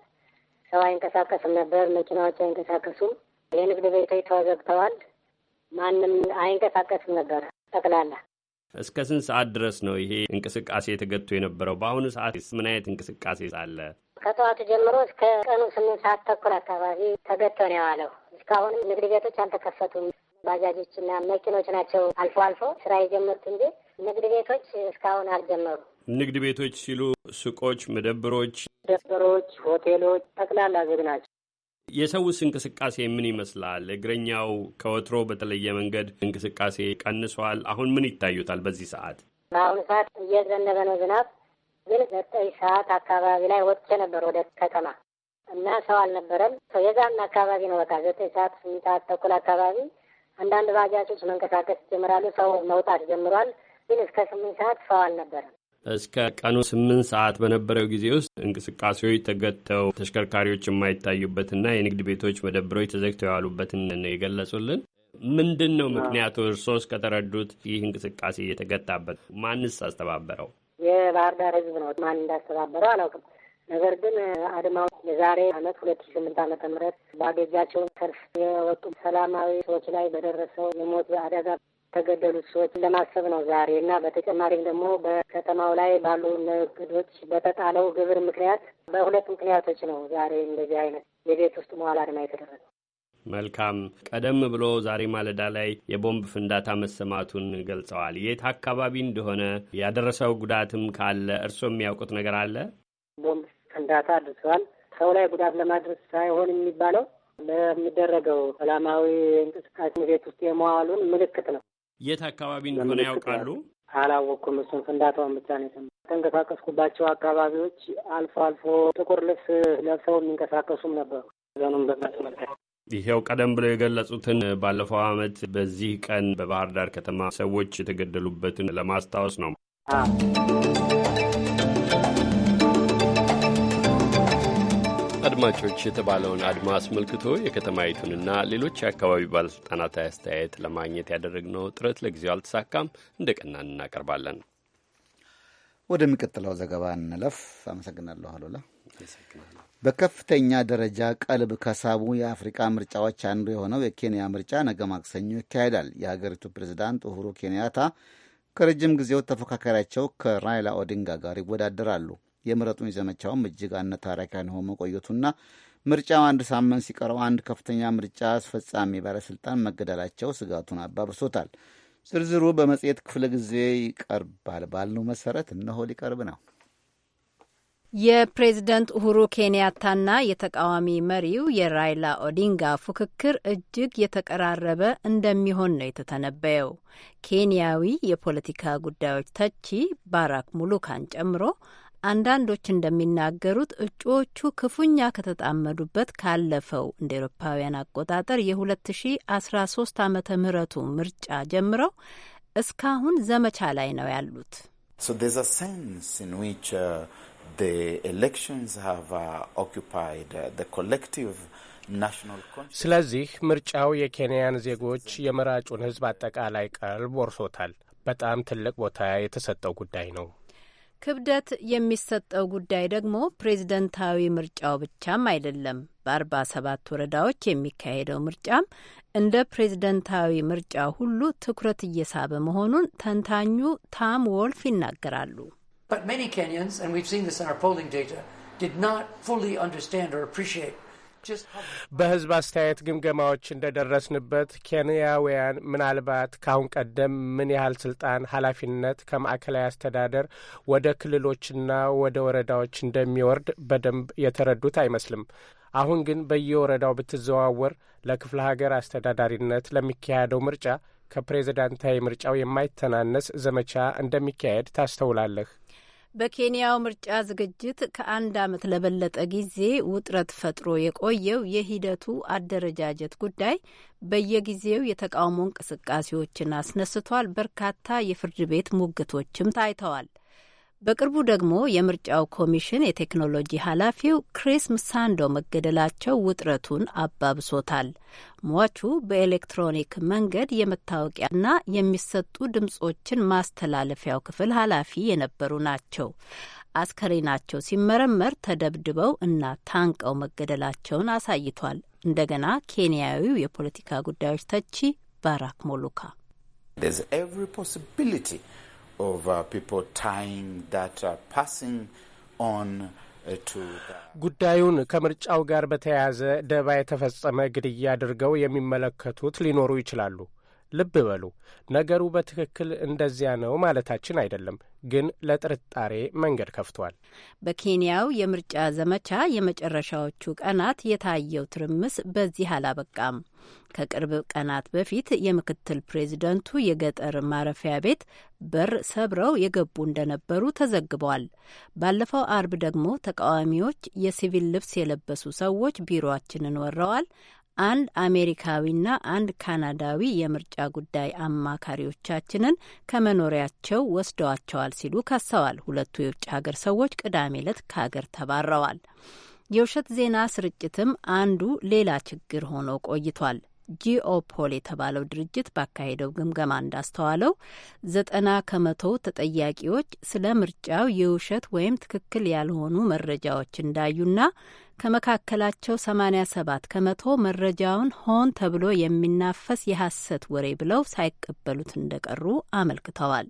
ሰው አይንቀሳቀስም ነበር። መኪናዎች አይንቀሳቀሱም። የንግድ ቤቶች ተዘግተዋል። ማንም አይንቀሳቀስም ነበር ጠቅላላ እስከ ስንት ሰዓት ድረስ ነው ይሄ እንቅስቃሴ ተገድቶ የነበረው? በአሁኑ ሰዓት ምን አይነት እንቅስቃሴ አለ? ከጠዋቱ ጀምሮ እስከ ቀኑ ስምንት ሰዓት ተኩል አካባቢ ተገድቶ ነው የዋለው። እስካሁንም ንግድ ቤቶች አልተከፈቱም። ባጃጆች እና መኪኖች ናቸው አልፎ አልፎ ስራ የጀመሩት እንጂ ንግድ ቤቶች እስካሁን አልጀመሩ። ንግድ ቤቶች ሲሉ ሱቆች፣ መደብሮች፣ ደብሮች፣ ሆቴሎች ጠቅላላ ዝግ ናቸው። የሰውስ እንቅስቃሴ ምን ይመስላል? እግረኛው ከወትሮ በተለየ መንገድ እንቅስቃሴ ቀንሷል። አሁን ምን ይታዩታል? በዚህ ሰዓት በአሁኑ ሰዓት እየዘነበ ነው ዝናብ። ግን ዘጠኝ ሰዓት አካባቢ ላይ ወጥቼ ነበር ወደ ከተማ እና ሰው አልነበረም። የዛን አካባቢ ነው በቃ ዘጠኝ ሰዓት ስምንት ሰዓት ተኩል አካባቢ አንዳንድ ባጃጆች መንቀሳቀስ ይጀምራሉ። ሰው መውጣት ጀምሯል። ግን እስከ ስምንት ሰዓት ሰው አልነበረም። እስከ ቀኑ ስምንት ሰዓት በነበረው ጊዜ ውስጥ እንቅስቃሴዎች ተገተው ተሽከርካሪዎች የማይታዩበትና የንግድ ቤቶች መደብሮች ተዘግተው ያሉበትን የገለጹልን ምንድን ነው ምክንያቱ? እርሶስ ከተረዱት ይህ እንቅስቃሴ እየተገታበት ማንስ አስተባበረው? የባህር ዳር ህዝብ ነው። ማን እንዳስተባበረው አላውቅም። ነገር ግን አድማው የዛሬ አመት ሁለት ሺ ስምንት አመተ ምህረት ባገጃቸውን ሰልፍ የወጡ ሰላማዊ ሰዎች ላይ በደረሰው የሞት አደጋ የተገደሉት ሰዎች ለማሰብ ነው ዛሬ እና በተጨማሪም ደግሞ በከተማው ላይ ባሉ ንግዶች በተጣለው ግብር ምክንያት በሁለት ምክንያቶች ነው ዛሬ እንደዚህ አይነት የቤት ውስጥ መዋል አድማ የተደረገ። መልካም። ቀደም ብሎ ዛሬ ማለዳ ላይ የቦምብ ፍንዳታ መሰማቱን ገልጸዋል። የት አካባቢ እንደሆነ ያደረሰው ጉዳትም ካለ እርስዎ የሚያውቁት ነገር አለ? ቦምብ ፍንዳታ አድርሰዋል። ሰው ላይ ጉዳት ለማድረስ ሳይሆን የሚባለው ለሚደረገው ሰላማዊ እንቅስቃሴ ቤት ውስጥ የመዋሉን ምልክት ነው። የት አካባቢ እንደሆነ ያውቃሉ? አላወቅኩም። እሱን ፍንዳታውን ብቻ ነው የሰማሁት። የተንቀሳቀስኩባቸው አካባቢዎች አልፎ አልፎ ጥቁር ልብስ ለብሰው የሚንቀሳቀሱም ነበሩ። ዘኑም በሚያስመልከት ይኸው ቀደም ብለው የገለጹትን ባለፈው ዓመት በዚህ ቀን በባህር ዳር ከተማ ሰዎች የተገደሉበትን ለማስታወስ ነው። አድማጮች የተባለውን አድማ አስመልክቶ የከተማይቱንና ሌሎች የአካባቢ ባለሥልጣናት አስተያየት ለማግኘት ያደረግነው ጥረት ለጊዜው አልተሳካም። እንደ ቀናን እናቀርባለን። ወደሚቀጥለው ዘገባ እንለፍ። አመሰግናለሁ አሉላ። በከፍተኛ ደረጃ ቀልብ ከሳቡ የአፍሪቃ ምርጫዎች አንዱ የሆነው የኬንያ ምርጫ ነገ ማክሰኞ ይካሄዳል። የሀገሪቱ ፕሬዚዳንት ኡሁሩ ኬንያታ ከረጅም ጊዜው ተፎካካሪያቸው ከራይላ ኦዲንጋ ጋር ይወዳደራሉ። የምረጡኝ ዘመቻውም እጅግ አነታራኪያን ሆኖ መቆየቱና ምርጫው አንድ ሳምንት ሲቀረው አንድ ከፍተኛ ምርጫ አስፈጻሚ ባለስልጣን መገደላቸው ስጋቱን አባብሶታል። ዝርዝሩ በመጽሔት ክፍለ ጊዜ ይቀርባል ባልነው መሰረት እነሆ ሊቀርብ ነው። የፕሬዝደንት ኡሁሩ ኬንያታና የተቃዋሚ መሪው የራይላ ኦዲንጋ ፉክክር እጅግ የተቀራረበ እንደሚሆን ነው የተተነበየው። ኬንያዊ የፖለቲካ ጉዳዮች ተቺ ባራክ ሙሉካን ጨምሮ አንዳንዶች እንደሚናገሩት እጩዎቹ ክፉኛ ከተጣመዱበት ካለፈው እንደ ኤሮፓውያን አቆጣጠር የ2013 ዓ ምህረቱ ምርጫ ጀምረው እስካሁን ዘመቻ ላይ ነው ያሉት። uh, uh, uh, ስለዚህ ምርጫው የኬንያን ዜጎች የመራጩን ሕዝብ አጠቃላይ ቀልብ ወርሶታል። በጣም ትልቅ ቦታ የተሰጠው ጉዳይ ነው። ክብደት የሚሰጠው ጉዳይ ደግሞ ፕሬዝደንታዊ ምርጫው ብቻም አይደለም። በአርባ ሰባት ወረዳዎች የሚካሄደው ምርጫም እንደ ፕሬዝደንታዊ ምርጫ ሁሉ ትኩረት እየሳበ መሆኑን ተንታኙ ታም ወልፍ ይናገራሉ። ኬንያንስ በህዝብ አስተያየት ግምገማዎች እንደደረስንበት ኬንያውያን ምናልባት ከአሁን ቀደም ምን ያህል ስልጣን፣ ኃላፊነት ከማዕከላዊ አስተዳደር ወደ ክልሎችና ወደ ወረዳዎች እንደሚወርድ በደንብ የተረዱት አይመስልም። አሁን ግን በየወረዳው ብትዘዋወር ለክፍለ ሀገር አስተዳዳሪነት ለሚካሄደው ምርጫ ከፕሬዝዳንታዊ ምርጫው የማይተናነስ ዘመቻ እንደሚካሄድ ታስተውላለህ። በኬንያው ምርጫ ዝግጅት ከአንድ ዓመት ለበለጠ ጊዜ ውጥረት ፈጥሮ የቆየው የሂደቱ አደረጃጀት ጉዳይ በየጊዜው የተቃውሞ እንቅስቃሴዎችን አስነስቷል። በርካታ የፍርድ ቤት ሙግቶችም ታይተዋል። በቅርቡ ደግሞ የምርጫው ኮሚሽን የቴክኖሎጂ ኃላፊው ክሪስ ምሳንዶ መገደላቸው ውጥረቱን አባብሶታል። ሟቹ በኤሌክትሮኒክ መንገድ የመታወቂያና የሚሰጡ ድምጾችን ማስተላለፊያው ክፍል ኃላፊ የነበሩ ናቸው። አስከሬናቸው ሲመረመር ተደብድበው እና ታንቀው መገደላቸውን አሳይቷል። እንደገና ኬንያዊው የፖለቲካ ጉዳዮች ተቺ ባራክ ሞሉካ Uh, uh, uh, ጉዳዩን ከምርጫው ጋር በተያያዘ ደባ የተፈጸመ ግድያ አድርገው የሚመለከቱት ሊኖሩ ይችላሉ። ልብ በሉ፣ ነገሩ በትክክል እንደዚያ ነው ማለታችን አይደለም፣ ግን ለጥርጣሬ መንገድ ከፍቷል። በኬንያው የምርጫ ዘመቻ የመጨረሻዎቹ ቀናት የታየው ትርምስ በዚህ አላበቃም። ከቅርብ ቀናት በፊት የምክትል ፕሬዚደንቱ የገጠር ማረፊያ ቤት በር ሰብረው የገቡ እንደነበሩ ተዘግበዋል። ባለፈው አርብ ደግሞ ተቃዋሚዎች የሲቪል ልብስ የለበሱ ሰዎች ቢሮአችንን ወረዋል። አንድ አሜሪካዊና አንድ ካናዳዊ የምርጫ ጉዳይ አማካሪዎቻችንን ከመኖሪያቸው ወስደዋቸዋል ሲሉ ከሰዋል። ሁለቱ የውጭ ሀገር ሰዎች ቅዳሜ ዕለት ከሀገር ተባረዋል። የውሸት ዜና ስርጭትም አንዱ ሌላ ችግር ሆኖ ቆይቷል። ጂኦፖል የተባለው ድርጅት ባካሄደው ግምገማ እንዳስተዋለው ዘጠና ከመቶ ተጠያቂዎች ስለ ምርጫው የውሸት ወይም ትክክል ያልሆኑ መረጃዎች እንዳዩና ከመካከላቸው 87 ከመቶ መረጃውን ሆን ተብሎ የሚናፈስ የሐሰት ወሬ ብለው ሳይቀበሉት እንደቀሩ አመልክተዋል።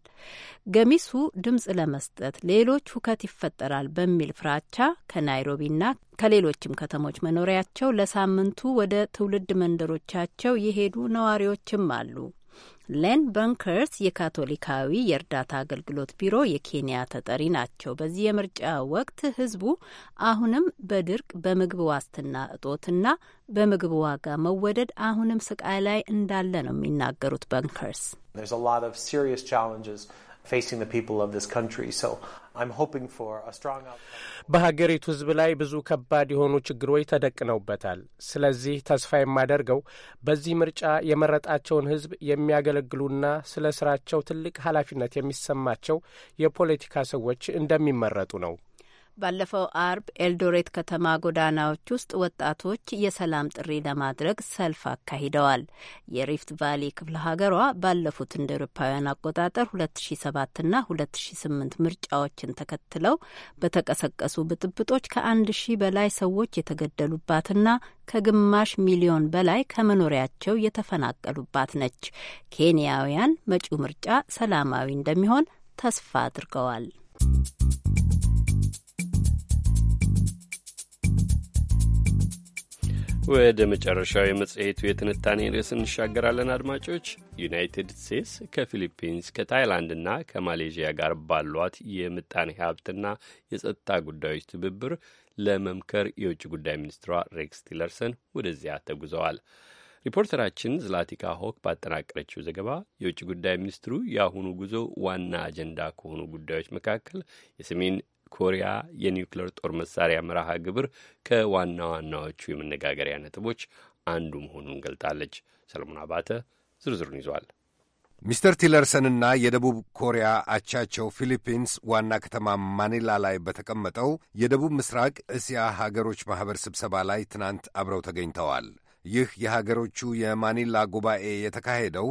ገሚሱ ድምፅ ለመስጠት ሌሎች ሁከት ይፈጠራል በሚል ፍራቻ ከናይሮቢና ከሌሎችም ከተሞች መኖሪያቸው ለሳምንቱ ወደ ትውልድ መንደሮቻቸው የሄዱ ነዋሪዎችም አሉ። ሌን በንከርስ የካቶሊካዊ የእርዳታ አገልግሎት ቢሮ የኬንያ ተጠሪ ናቸው። በዚህ የምርጫ ወቅት ህዝቡ አሁንም በድርቅ በምግብ ዋስትና እጦትና በምግብ ዋጋ መወደድ አሁንም ስቃይ ላይ እንዳለ ነው የሚናገሩት በንከርስ በሀገሪቱ ሕዝብ ላይ ብዙ ከባድ የሆኑ ችግሮች ተደቅነውበታል። ስለዚህ ተስፋ የማደርገው በዚህ ምርጫ የመረጣቸውን ሕዝብ የሚያገለግሉና ስለ ስራቸው ትልቅ ኃላፊነት የሚሰማቸው የፖለቲካ ሰዎች እንደሚመረጡ ነው። ባለፈው አርብ ኤልዶሬት ከተማ ጎዳናዎች ውስጥ ወጣቶች የሰላም ጥሪ ለማድረግ ሰልፍ አካሂደዋል። የሪፍት ቫሊ ክፍለ ሀገሯ ባለፉት እንደ ኤሮፓውያን አቆጣጠር 2007ና 2008 ምርጫዎችን ተከትለው በተቀሰቀሱ ብጥብጦች ከአንድ ሺህ በላይ ሰዎች የተገደሉባትና ከግማሽ ሚሊዮን በላይ ከመኖሪያቸው የተፈናቀሉባት ነች። ኬንያውያን መጪው ምርጫ ሰላማዊ እንደሚሆን ተስፋ አድርገዋል። ወደ መጨረሻው የመጽሔቱ የትንታኔ ርዕስ እንሻገራለን። አድማጮች ዩናይትድ ስቴትስ ከፊሊፒንስ ከታይላንድና ከማሌዥያ ጋር ባሏት የምጣኔ ሀብትና የጸጥታ ጉዳዮች ትብብር ለመምከር የውጭ ጉዳይ ሚኒስትሯ ሬክስ ቲለርሰን ወደዚያ ተጉዘዋል። ሪፖርተራችን ዝላቲካ ሆክ ባጠናቀረችው ዘገባ የውጭ ጉዳይ ሚኒስትሩ የአሁኑ ጉዞ ዋና አጀንዳ ከሆኑ ጉዳዮች መካከል የሰሜን ኮሪያ የኒውክሌር ጦር መሳሪያ መርሃ ግብር ከዋና ዋናዎቹ የመነጋገሪያ ነጥቦች አንዱ መሆኑን ገልጣለች። ሰለሞን አባተ ዝርዝሩን ይዟል። ሚስተር ቲለርሰንና የደቡብ ኮሪያ አቻቸው ፊሊፒንስ ዋና ከተማ ማኒላ ላይ በተቀመጠው የደቡብ ምስራቅ እስያ ሀገሮች ማኅበር ስብሰባ ላይ ትናንት አብረው ተገኝተዋል። ይህ የሀገሮቹ የማኒላ ጉባኤ የተካሄደው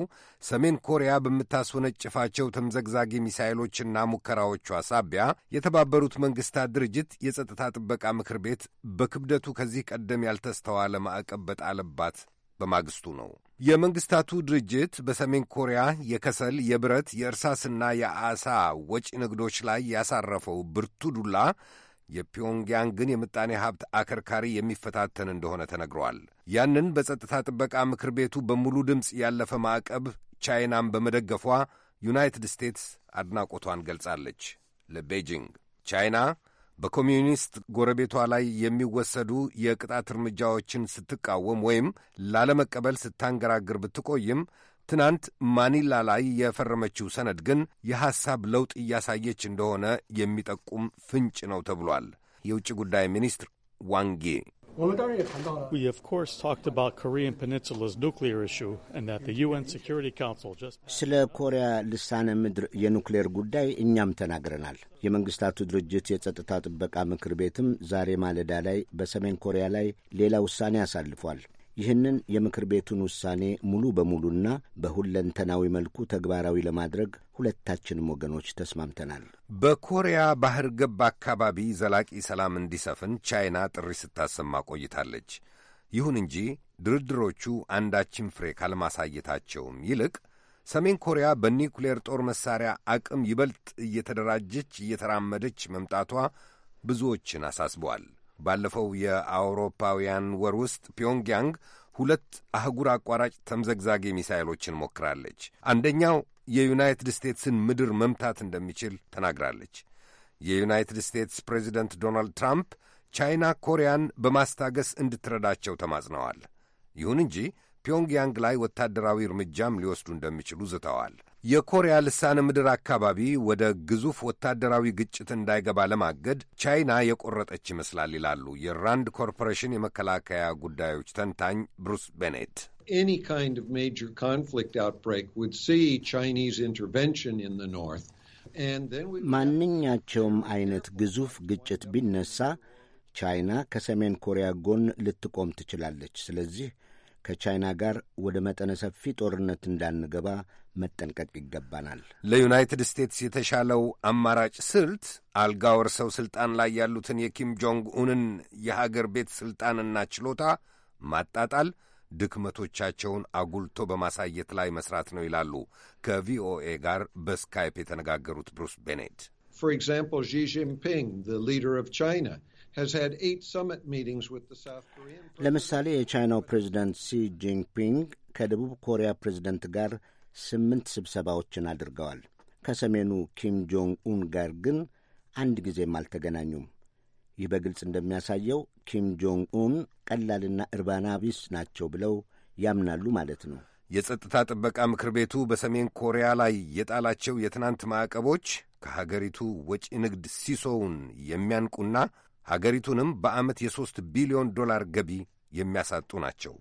ሰሜን ኮሪያ በምታስወነጭፋቸው ተምዘግዛጊ ሚሳይሎችና ሙከራዎቿ ሳቢያ የተባበሩት መንግሥታት ድርጅት የጸጥታ ጥበቃ ምክር ቤት በክብደቱ ከዚህ ቀደም ያልተስተዋለ ማዕቀብ በጣለባት በማግስቱ ነው። የመንግሥታቱ ድርጅት በሰሜን ኮሪያ የከሰል፣ የብረት፣ የእርሳስና የአሳ ወጪ ንግዶች ላይ ያሳረፈው ብርቱ ዱላ የፒዮንግያንግን የምጣኔ ሀብት አከርካሪ የሚፈታተን እንደሆነ ተነግሯል። ያንን በጸጥታ ጥበቃ ምክር ቤቱ በሙሉ ድምፅ ያለፈ ማዕቀብ ቻይናን በመደገፏ ዩናይትድ ስቴትስ አድናቆቷን ገልጻለች። ለቤጂንግ ቻይና በኮሚዩኒስት ጎረቤቷ ላይ የሚወሰዱ የቅጣት እርምጃዎችን ስትቃወም ወይም ላለመቀበል ስታንገራግር ብትቆይም ትናንት ማኒላ ላይ የፈረመችው ሰነድ ግን የሐሳብ ለውጥ እያሳየች እንደሆነ የሚጠቁም ፍንጭ ነው ተብሏል። የውጭ ጉዳይ ሚኒስትር ዋንጌ ስለ ኮሪያ ልሳነ ምድር የኑክሌር ጉዳይ እኛም ተናግረናል። የመንግስታቱ ድርጅት የጸጥታ ጥበቃ ምክር ቤትም ዛሬ ማለዳ ላይ በሰሜን ኮሪያ ላይ ሌላ ውሳኔ አሳልፏል። ይህንን የምክር ቤቱን ውሳኔ ሙሉ በሙሉና በሁለንተናዊ መልኩ ተግባራዊ ለማድረግ ሁለታችንም ወገኖች ተስማምተናል። በኮሪያ ባህር ገብ አካባቢ ዘላቂ ሰላም እንዲሰፍን ቻይና ጥሪ ስታሰማ ቆይታለች። ይሁን እንጂ ድርድሮቹ አንዳችን ፍሬ ካለማሳየታቸውም ይልቅ ሰሜን ኮሪያ በኒውክሌር ጦር መሳሪያ አቅም ይበልጥ እየተደራጀች እየተራመደች መምጣቷ ብዙዎችን አሳስበዋል። ባለፈው የአውሮፓውያን ወር ውስጥ ፒዮንግያንግ ሁለት አህጉር አቋራጭ ተምዘግዛጊ ሚሳይሎችን ሞክራለች። አንደኛው የዩናይትድ ስቴትስን ምድር መምታት እንደሚችል ተናግራለች። የዩናይትድ ስቴትስ ፕሬዚደንት ዶናልድ ትራምፕ ቻይና ኮሪያን በማስታገስ እንድትረዳቸው ተማጽነዋል። ይሁን እንጂ ፒዮንግያንግ ላይ ወታደራዊ እርምጃም ሊወስዱ እንደሚችሉ ዝተዋል። የኮሪያ ልሳነ ምድር አካባቢ ወደ ግዙፍ ወታደራዊ ግጭት እንዳይገባ ለማገድ ቻይና የቆረጠች ይመስላል ይላሉ የራንድ ኮርፖሬሽን የመከላከያ ጉዳዮች ተንታኝ ብሩስ ቤኔት። any kind of major conflict outbreak would see Chinese intervention in the north. ማንኛቸውም አይነት ግዙፍ ግጭት ቢነሳ ቻይና ከሰሜን ኮሪያ ጎን ልትቆም ትችላለች። ስለዚህ ከቻይና ጋር ወደ መጠነ ሰፊ ጦርነት እንዳንገባ መጠንቀቅ ይገባናል። ለዩናይትድ ስቴትስ የተሻለው አማራጭ ስልት አልጋ ወርሰው ስልጣን ላይ ያሉትን የኪም ጆንግ ኡንን የሀገር ቤት ስልጣንና ችሎታ ማጣጣል፣ ድክመቶቻቸውን አጉልቶ በማሳየት ላይ መስራት ነው ይላሉ ከቪኦኤ ጋር በስካይፕ የተነጋገሩት ብሩስ ቤኔት። For example, Xi ለምሳሌ የቻይናው ፕሬዚደንት ሲ ጂንፒንግ ከደቡብ ኮሪያ ፕሬዚደንት ጋር ስምንት ስብሰባዎችን አድርገዋል። ከሰሜኑ ኪም ጆንግ ኡን ጋር ግን አንድ ጊዜም አልተገናኙም። ይህ በግልጽ እንደሚያሳየው ኪም ጆንግ ኡን ቀላልና እርባና ቢስ ናቸው ብለው ያምናሉ ማለት ነው። የጸጥታ ጥበቃ ምክር ቤቱ በሰሜን ኮሪያ ላይ የጣላቸው የትናንት ማዕቀቦች ከሀገሪቱ ወጪ ንግድ ሲሶውን የሚያንቁና አገሪቱንም በዓመት የሦስት ቢሊዮን ዶላር ገቢ የሚያሳጡ ናቸው።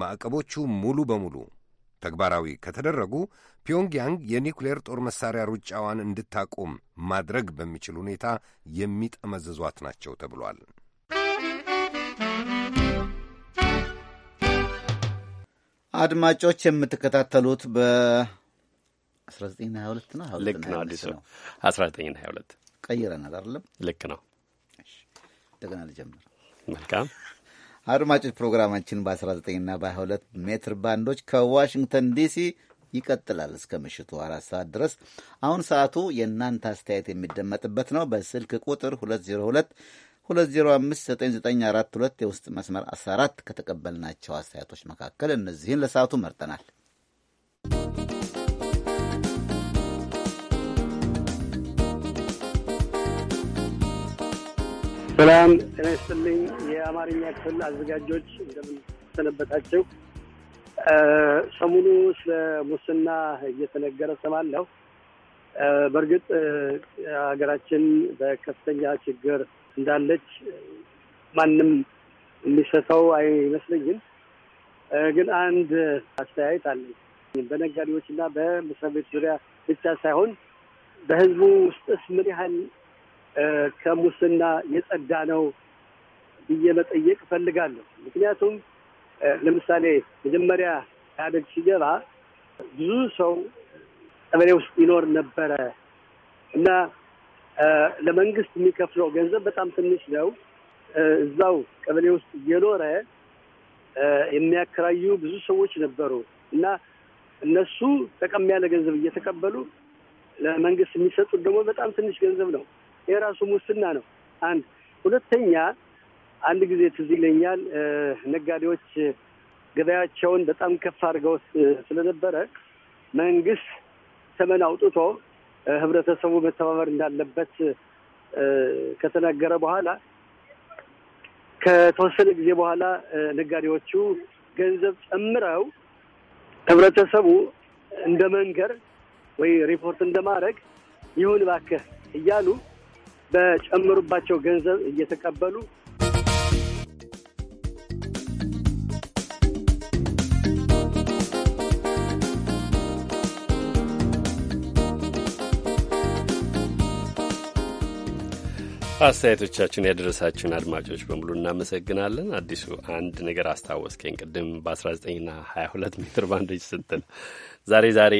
ማዕቀቦቹ ሙሉ በሙሉ ተግባራዊ ከተደረጉ ፒዮንግያንግ የኒውክሌር ጦር መሣሪያ ሩጫዋን እንድታቆም ማድረግ በሚችል ሁኔታ የሚጠመዝዟት ናቸው ተብሏል። አድማጮች የምትከታተሉት በ1922 ነው። ልክ ነው። አዲሱ 1922 ቀይረናል አይደለም? ልክ ነው። እንደገና ልጀምር። መልካም አድማጮች፣ ፕሮግራማችን በ19ና በ22 ሜትር ባንዶች ከዋሽንግተን ዲሲ ይቀጥላል እስከ ምሽቱ አራት ሰዓት ድረስ። አሁን ሰዓቱ የእናንተ አስተያየት የሚደመጥበት ነው። በስልክ ቁጥር 202 2059942 የውስጥ መስመር 14 ከተቀበልናቸው አስተያየቶች መካከል እነዚህን ለሰዓቱ መርጠናል። ሰላም ጤና ይስጥልኝ። የአማርኛ ክፍል አዘጋጆች እንደምንሰነበታቸው። ሰሞኑ ስለ ሙስና እየተነገረ ሰማለሁ። በእርግጥ ሀገራችን በከፍተኛ ችግር እንዳለች ማንም የሚሰሰው አይመስለኝም። ግን አንድ አስተያየት አለኝ። በነጋዴዎች እና በመስሪያ ቤት ዙሪያ ብቻ ሳይሆን በህዝቡ ውስጥስ ምን ያህል ከሙስና የጸዳ ነው ብዬ መጠየቅ እፈልጋለሁ። ምክንያቱም ለምሳሌ መጀመሪያ ኢህአዴግ ሲገባ ብዙ ሰው ቀበሌ ውስጥ ይኖር ነበረ እና ለመንግስት የሚከፍለው ገንዘብ በጣም ትንሽ ነው። እዛው ቀበሌ ውስጥ እየኖረ የሚያከራዩ ብዙ ሰዎች ነበሩ እና እነሱ ጠቀም ያለ ገንዘብ እየተቀበሉ ለመንግስት የሚሰጡት ደግሞ በጣም ትንሽ ገንዘብ ነው። የራሱ ሙስና ነው። አንድ ሁለተኛ፣ አንድ ጊዜ ትዝ ይለኛል ነጋዴዎች ገበያቸውን በጣም ከፍ አድርገው ስለነበረ መንግስት ተመን አውጥቶ ህብረተሰቡ መተባበር እንዳለበት ከተናገረ በኋላ ከተወሰነ ጊዜ በኋላ ነጋዴዎቹ ገንዘብ ጨምረው ህብረተሰቡ እንደ መንገር ወይ ሪፖርት እንደማድረግ ይሁን ባከ እያሉ በጨምሩባቸው ገንዘብ እየተቀበሉ አስተያየቶቻችሁን ያደረሳችሁን አድማጮች በሙሉ እናመሰግናለን። አዲሱ አንድ ነገር አስታወስከኝ ቅድም በ19ና 22 ሜትር ባንዶች ስትል ዛሬ ዛሬ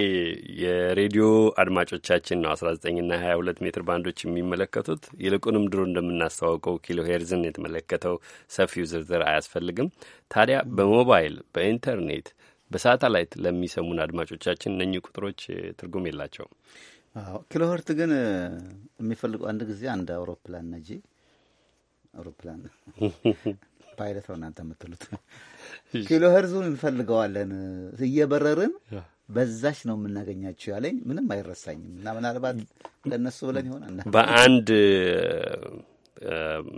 የሬዲዮ አድማጮቻችን ነው 19ና 22 ሜትር ባንዶች የሚመለከቱት። ይልቁንም ድሮ እንደምናስተዋውቀው ኪሎ ሄርዝን የተመለከተው ሰፊው ዝርዝር አያስፈልግም። ታዲያ በሞባይል በኢንተርኔት፣ በሳተላይት ለሚሰሙን አድማጮቻችን እነኚህ ቁጥሮች ትርጉም የላቸውም። ኪሎሄርት ግን የሚፈልገው አንድ ጊዜ አንድ አውሮፕላን ነጂ አውሮፕላን <laughs> ፓይለት ነው እናንተ የምትሉት። ኪሎሄርዙን እንፈልገዋለን እየበረርን በዛች ነው የምናገኛቸው ያለኝ ምንም አይረሳኝም። እና ምናልባት ለእነሱ ብለን ይሆናል በአንድ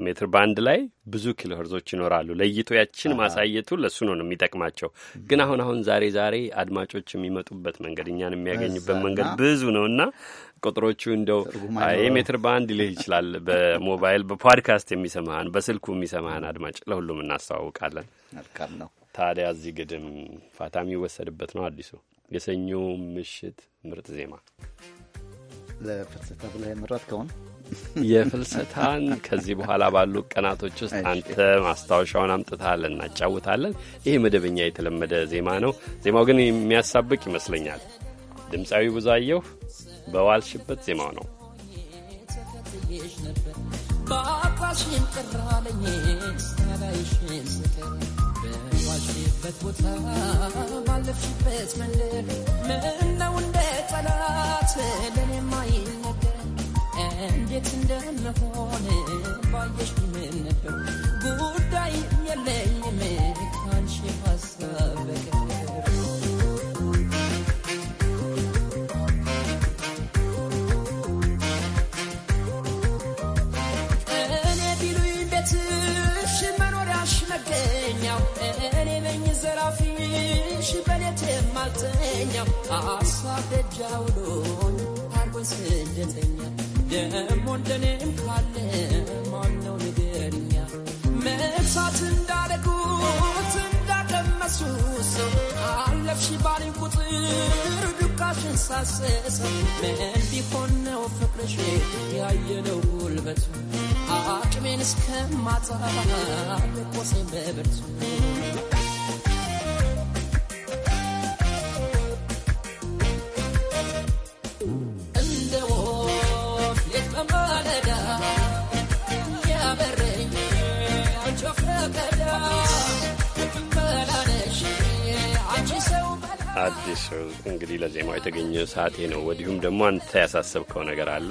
ሜትር ባንድ ላይ ብዙ ኪሎ ሄርዞች ይኖራሉ። ለይቶ ያችን ማሳየቱ ለእሱ ነው ነው የሚጠቅማቸው። ግን አሁን አሁን ዛሬ ዛሬ አድማጮች የሚመጡበት መንገድ እኛን የሚያገኝበት መንገድ ብዙ ነው እና ቁጥሮቹ እንደው የሜትር ባንድ ሊል ይችላል። በሞባይል በፖድካስት የሚሰማህን በስልኩ የሚሰማህን አድማጭ ለሁሉም እናስተዋውቃለን። መልካም ነው። ታዲያ እዚህ ግድም ፋታ የሚወሰድበት ነው። አዲሱ የሰኞ ምሽት ምርጥ ዜማ ለፍልሰታ ብለህ የመራት ከሆን የፍልሰታን ከዚህ በኋላ ባሉ ቀናቶች ውስጥ አንተ ማስታወሻውን አምጥታል እናጫውታለን። ይሄ መደበኛ የተለመደ ዜማ ነው። ዜማው ግን የሚያሳብቅ ይመስለኛል። ድምፃዊ ብዙአየሁ በዋልሽበት ዜማው ነው። ቦታ ባለፍሽበት መንደር ምነው እንደ ጠላት ለኔ እንዴት እንደምሆን ባየሽ ምን ነበር ጉዳይ የለኝም ካንቺ ሀሳብ በቀር I'm ደሞ እንደኔም ካለ ማነው ንገርኛ መርሳት እንዳደረጉት እንዳቀመሱ አለፍሽ ባሪ ቁጥር ዱካሽን ሳሰሰ ምን ቢሆን ነው ፍቅርሽ ያየለው ጉልበቱ አቅሜን እስከማጣ ልቆሴ በብርቱ አዲሱ እንግዲህ ለዜማው የተገኘ ሰዓቴ ነው። ወዲሁም ደግሞ አንተ ያሳሰብከው ነገር አለ።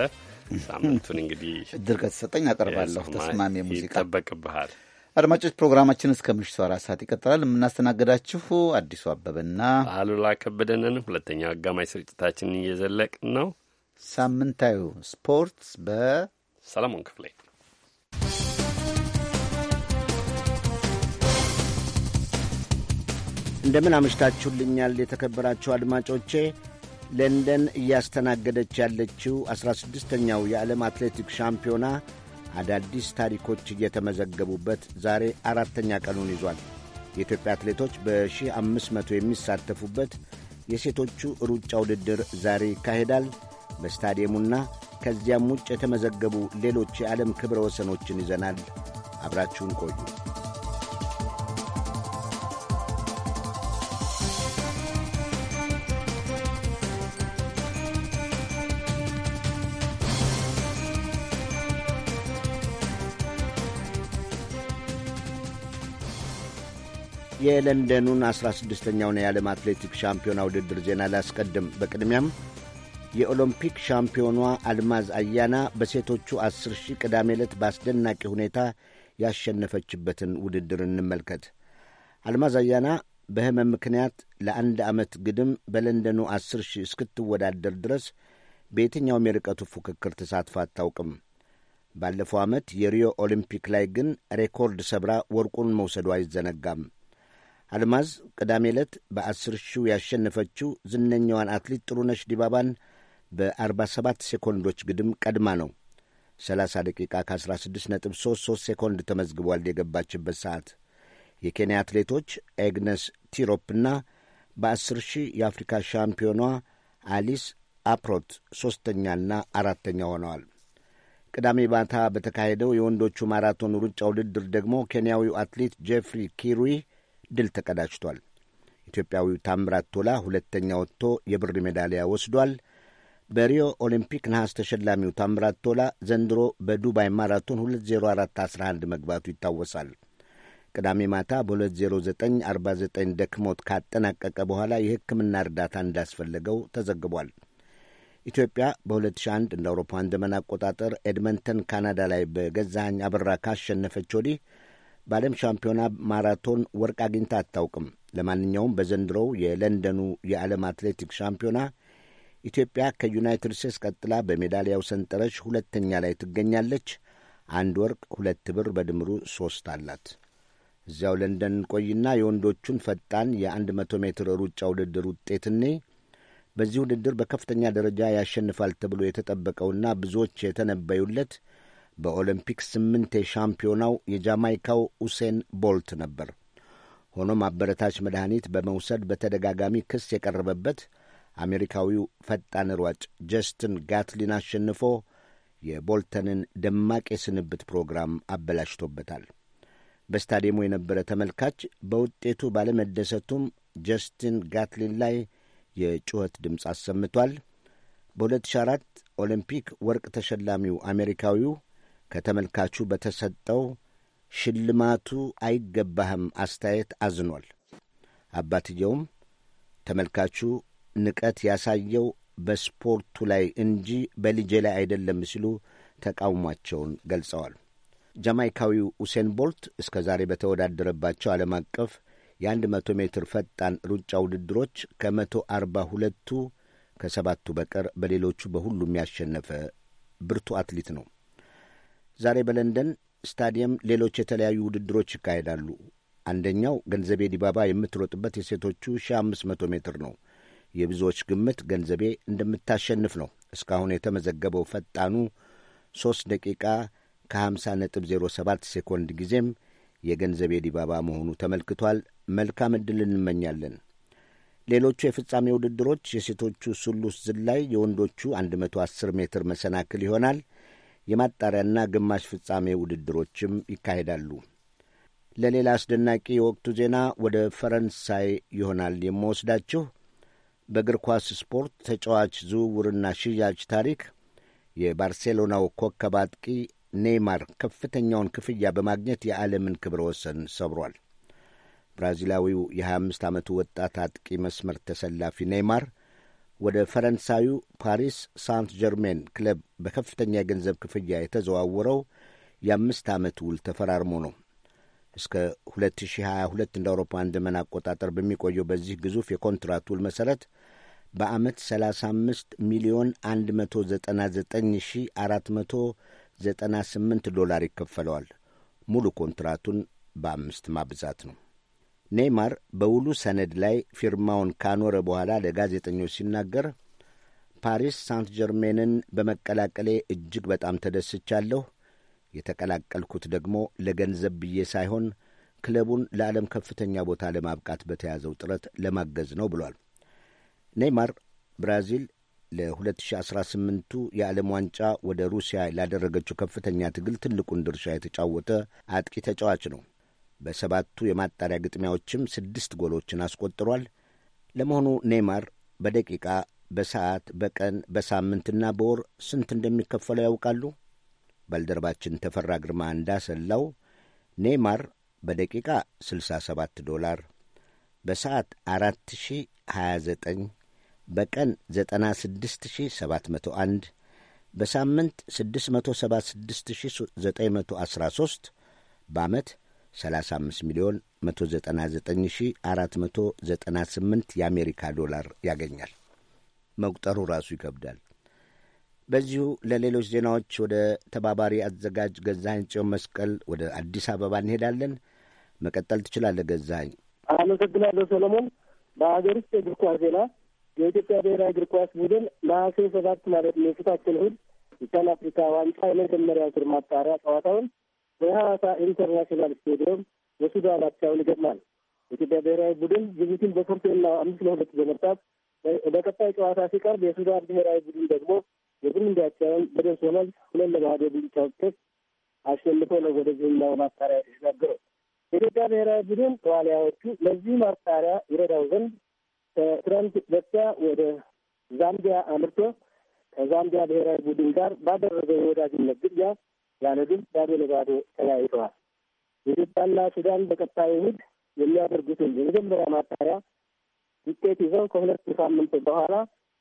ሳምንቱን እንግዲህ እድል ከተሰጠኝ አቀርባለሁ። ተስማሚ ሙዚቃ ይጠበቅብሃል። አድማጮች ፕሮግራማችን እስከ ምሽቱ አራት ሰዓት ይቀጥላል። የምናስተናግዳችሁ አዲሱ አበበና አሉላ ከበደንን። ሁለተኛው አጋማሽ ስርጭታችን እየዘለቅ ነው። ሳምንታዊ ስፖርት በሰለሞን ክፍሌ እንደምን አምሽታችሁልኛል የተከበራችሁ አድማጮቼ። ለንደን እያስተናገደች ያለችው 16 ስድስተኛው የዓለም አትሌቲክ ሻምፒዮና አዳዲስ ታሪኮች እየተመዘገቡበት ዛሬ አራተኛ ቀኑን ይዟል። የኢትዮጵያ አትሌቶች በ መቶ የሚሳተፉበት የሴቶቹ ሩጫ ውድድር ዛሬ ይካሄዳል። በስታዲየሙና ከዚያም ውጭ የተመዘገቡ ሌሎች የዓለም ክብረ ወሰኖችን ይዘናል። አብራችሁን ቆዩ። የለንደኑን 16ኛውን የዓለም አትሌቲክስ ሻምፒዮና ውድድር ዜና ላስቀድም። በቅድሚያም የኦሎምፒክ ሻምፒዮኗ አልማዝ አያና በሴቶቹ 10 ሺህ ቅዳሜ ዕለት በአስደናቂ ሁኔታ ያሸነፈችበትን ውድድር እንመልከት። አልማዝ አያና በሕመም ምክንያት ለአንድ ዓመት ግድም በለንደኑ 10 ሺህ እስክትወዳደር ድረስ በየትኛውም የርቀቱ ፉክክር ተሳትፋ አታውቅም። ባለፈው ዓመት የሪዮ ኦሊምፒክ ላይ ግን ሬኮርድ ሰብራ ወርቁን መውሰዱ አይዘነጋም። አልማዝ ቅዳሜ ዕለት በአስር ሺው ያሸነፈችው ዝነኛዋን አትሌት ጥሩነሽ ዲባባን በ47 ሴኮንዶች ግድም ቀድማ ነው። 30 ደቂቃ ከ16.33 ሴኮንድ ተመዝግቧል የገባችበት ሰዓት። የኬንያ አትሌቶች ኤግነስ ቲሮፕና በ10 ሺህ የአፍሪካ ሻምፒዮኗ አሊስ አፕሮት ሦስተኛና አራተኛ ሆነዋል። ቅዳሜ ማታ በተካሄደው የወንዶቹ ማራቶን ሩጫ ውድድር ደግሞ ኬንያዊው አትሌት ጄፍሪ ኪሩይ ድል ተቀዳጅቷል። ኢትዮጵያዊው ታምራት ቶላ ሁለተኛ ወጥቶ የብር ሜዳሊያ ወስዷል። በሪዮ ኦሊምፒክ ነሐስ ተሸላሚው ታምራት ቶላ ዘንድሮ በዱባይ ማራቶን 20411 መግባቱ ይታወሳል። ቅዳሜ ማታ በ20949 ደክሞት ካጠናቀቀ በኋላ የሕክምና እርዳታ እንዳስፈለገው ተዘግቧል። ኢትዮጵያ በ2001 እንደ አውሮፓውያን ዘመን አቆጣጠር ኤድመንተን ካናዳ ላይ በገዛኸኝ አበራ ካሸነፈች ወዲህ በዓለም ሻምፒዮና ማራቶን ወርቅ አግኝታ አታውቅም። ለማንኛውም በዘንድሮው የለንደኑ የዓለም አትሌቲክስ ሻምፒዮና ኢትዮጵያ ከዩናይትድ ስቴትስ ቀጥላ በሜዳሊያው ሰንጠረዥ ሁለተኛ ላይ ትገኛለች። አንድ ወርቅ፣ ሁለት ብር፣ በድምሩ ሶስት አላት። እዚያው ለንደን ቆይና የወንዶቹን ፈጣን የ100 ሜትር ሩጫ ውድድር ውጤትኔ በዚህ ውድድር በከፍተኛ ደረጃ ያሸንፋል ተብሎ የተጠበቀውና ብዙዎች የተነበዩለት በኦሎምፒክ ስምንት የሻምፒዮናው የጃማይካው ኡሴን ቦልት ነበር። ሆኖም አበረታች መድኃኒት በመውሰድ በተደጋጋሚ ክስ የቀረበበት አሜሪካዊው ፈጣን ሯጭ ጀስትን ጋትሊን አሸንፎ የቦልተንን ደማቅ የስንብት ፕሮግራም አበላሽቶበታል። በስታዲየሙ የነበረ ተመልካች በውጤቱ ባለመደሰቱም ጀስትን ጋትሊን ላይ የጩኸት ድምፅ አሰምቷል። በ2004 ኦሎምፒክ ወርቅ ተሸላሚው አሜሪካዊው ከተመልካቹ በተሰጠው ሽልማቱ አይገባህም አስተያየት አዝኗል። አባትየውም ተመልካቹ ንቀት ያሳየው በስፖርቱ ላይ እንጂ በልጄ ላይ አይደለም ሲሉ ተቃውሟቸውን ገልጸዋል። ጃማይካዊው ኡሴን ቦልት እስከ ዛሬ በተወዳደረባቸው ዓለም አቀፍ የአንድ መቶ ሜትር ፈጣን ሩጫ ውድድሮች ከመቶ አርባ ሁለቱ ከሰባቱ በቀር በሌሎቹ በሁሉም ያሸነፈ ብርቱ አትሌት ነው። ዛሬ በለንደን ስታዲየም ሌሎች የተለያዩ ውድድሮች ይካሄዳሉ። አንደኛው ገንዘቤ ዲባባ የምትሮጥበት የሴቶቹ 1500 ሜትር ነው። የብዙዎች ግምት ገንዘቤ እንደምታሸንፍ ነው። እስካሁን የተመዘገበው ፈጣኑ 3 ደቂቃ ከ50.07 ሴኮንድ ጊዜም የገንዘቤ ዲባባ መሆኑ ተመልክቷል። መልካም ዕድል እንመኛለን። ሌሎቹ የፍጻሜ ውድድሮች የሴቶቹ ሱሉስ ዝላይ፣ የወንዶቹ 110 ሜትር መሰናክል ይሆናል። የማጣሪያና ግማሽ ፍጻሜ ውድድሮችም ይካሄዳሉ። ለሌላ አስደናቂ የወቅቱ ዜና ወደ ፈረንሳይ ይሆናል የምወስዳችሁ። በእግር ኳስ ስፖርት ተጫዋች ዝውውርና ሽያጭ ታሪክ የባርሴሎናው ኮከብ አጥቂ ኔይማር ከፍተኛውን ክፍያ በማግኘት የዓለምን ክብረ ወሰን ሰብሯል። ብራዚላዊው የ25 ዓመቱ ወጣት አጥቂ መስመር ተሰላፊ ኔይማር ወደ ፈረንሳዩ ፓሪስ ሳንት ጀርሜን ክለብ በከፍተኛ የገንዘብ ክፍያ የተዘዋወረው የአምስት ዓመት ውል ተፈራርሞ ነው። እስከ 2022 እንደ አውሮፓውያን ዘመን አቆጣጠር በሚቆየው በዚህ ግዙፍ የኮንትራት ውል መሠረት በዓመት 35 ሚሊዮን 199498 ዶላር ይከፈለዋል። ሙሉ ኮንትራቱን በአምስት ማብዛት ነው። ኔይማር በውሉ ሰነድ ላይ ፊርማውን ካኖረ በኋላ ለጋዜጠኞች ሲናገር ፓሪስ ሳንት ጀርሜንን በመቀላቀሌ እጅግ በጣም ተደስቻለሁ። የተቀላቀልኩት ደግሞ ለገንዘብ ብዬ ሳይሆን ክለቡን ለዓለም ከፍተኛ ቦታ ለማብቃት በተያዘው ጥረት ለማገዝ ነው ብሏል። ኔይማር ብራዚል ለ2018ቱ የዓለም ዋንጫ ወደ ሩሲያ ላደረገችው ከፍተኛ ትግል ትልቁን ድርሻ የተጫወተ አጥቂ ተጫዋች ነው። በሰባቱ የማጣሪያ ግጥሚያዎችም ስድስት ጎሎችን አስቆጥሯል። ለመሆኑ ኔይማር በደቂቃ በሰዓት በቀን በሳምንትና በወር ስንት እንደሚከፈለው ያውቃሉ? ባልደረባችን ተፈራ ግርማ እንዳሰላው ኔይማር በደቂቃ 67 ዶላር፣ በሰዓት 4029፣ በቀን 96701፣ በሳምንት 676913፣ በዓመት 35 ሚሊዮን 199498 የአሜሪካ ዶላር ያገኛል። መቁጠሩ ራሱ ይከብዳል። በዚሁ ለሌሎች ዜናዎች ወደ ተባባሪ አዘጋጅ ገዛኸኝ ጽዮን መስቀል ወደ አዲስ አበባ እንሄዳለን። መቀጠል ትችላለህ ገዛኸኝ። አመሰግናለሁ ሰለሞን። በሀገር ውስጥ የእግር ኳስ ዜና የኢትዮጵያ ብሔራዊ እግር ኳስ ቡድን ነሐሴ ሰባት ማለት የፊታችን እሁድ የፓን አፍሪካ ዋንጫ የመጀመሪያ ዙር ማጣሪያ ጨዋታውን በሐዋሳ ኢንተርናሽናል ስቴዲየም በሱዳን አካባቢ ይገጥማል። የኢትዮጵያ ብሔራዊ ቡድን ጅቡቲን በኮርቴና አምስት ለሁለት በመርታት በቀጣይ ጨዋታ ሲቀርብ የሱዳን ብሔራዊ ቡድን ደግሞ የቡሩንዲ አቻውን በደርሶ መልስ ሁለት ለባዶ ብልጫ ውጤት አሸንፎ ነው ወደ ዝናው ማጣሪያ የተሸጋገረው። የኢትዮጵያ ብሔራዊ ቡድን ተዋሊያዎቹ ለዚህ ማጣሪያ ይረዳው ዘንድ ከትናንት በስቲያ ወደ ዛምቢያ አምርቶ ከዛምቢያ ብሔራዊ ቡድን ጋር ባደረገው የወዳጅነት ግጥሚያ ያለ ግብጽ ባዶ ለባዶ ተለያይተዋል። የኢትዮጵያና ሱዳን በቀጣይ እሑድ የሚያደርጉትን የመጀመሪያ ማጣሪያ ውጤት ይዘው ከሁለት ሳምንት በኋላ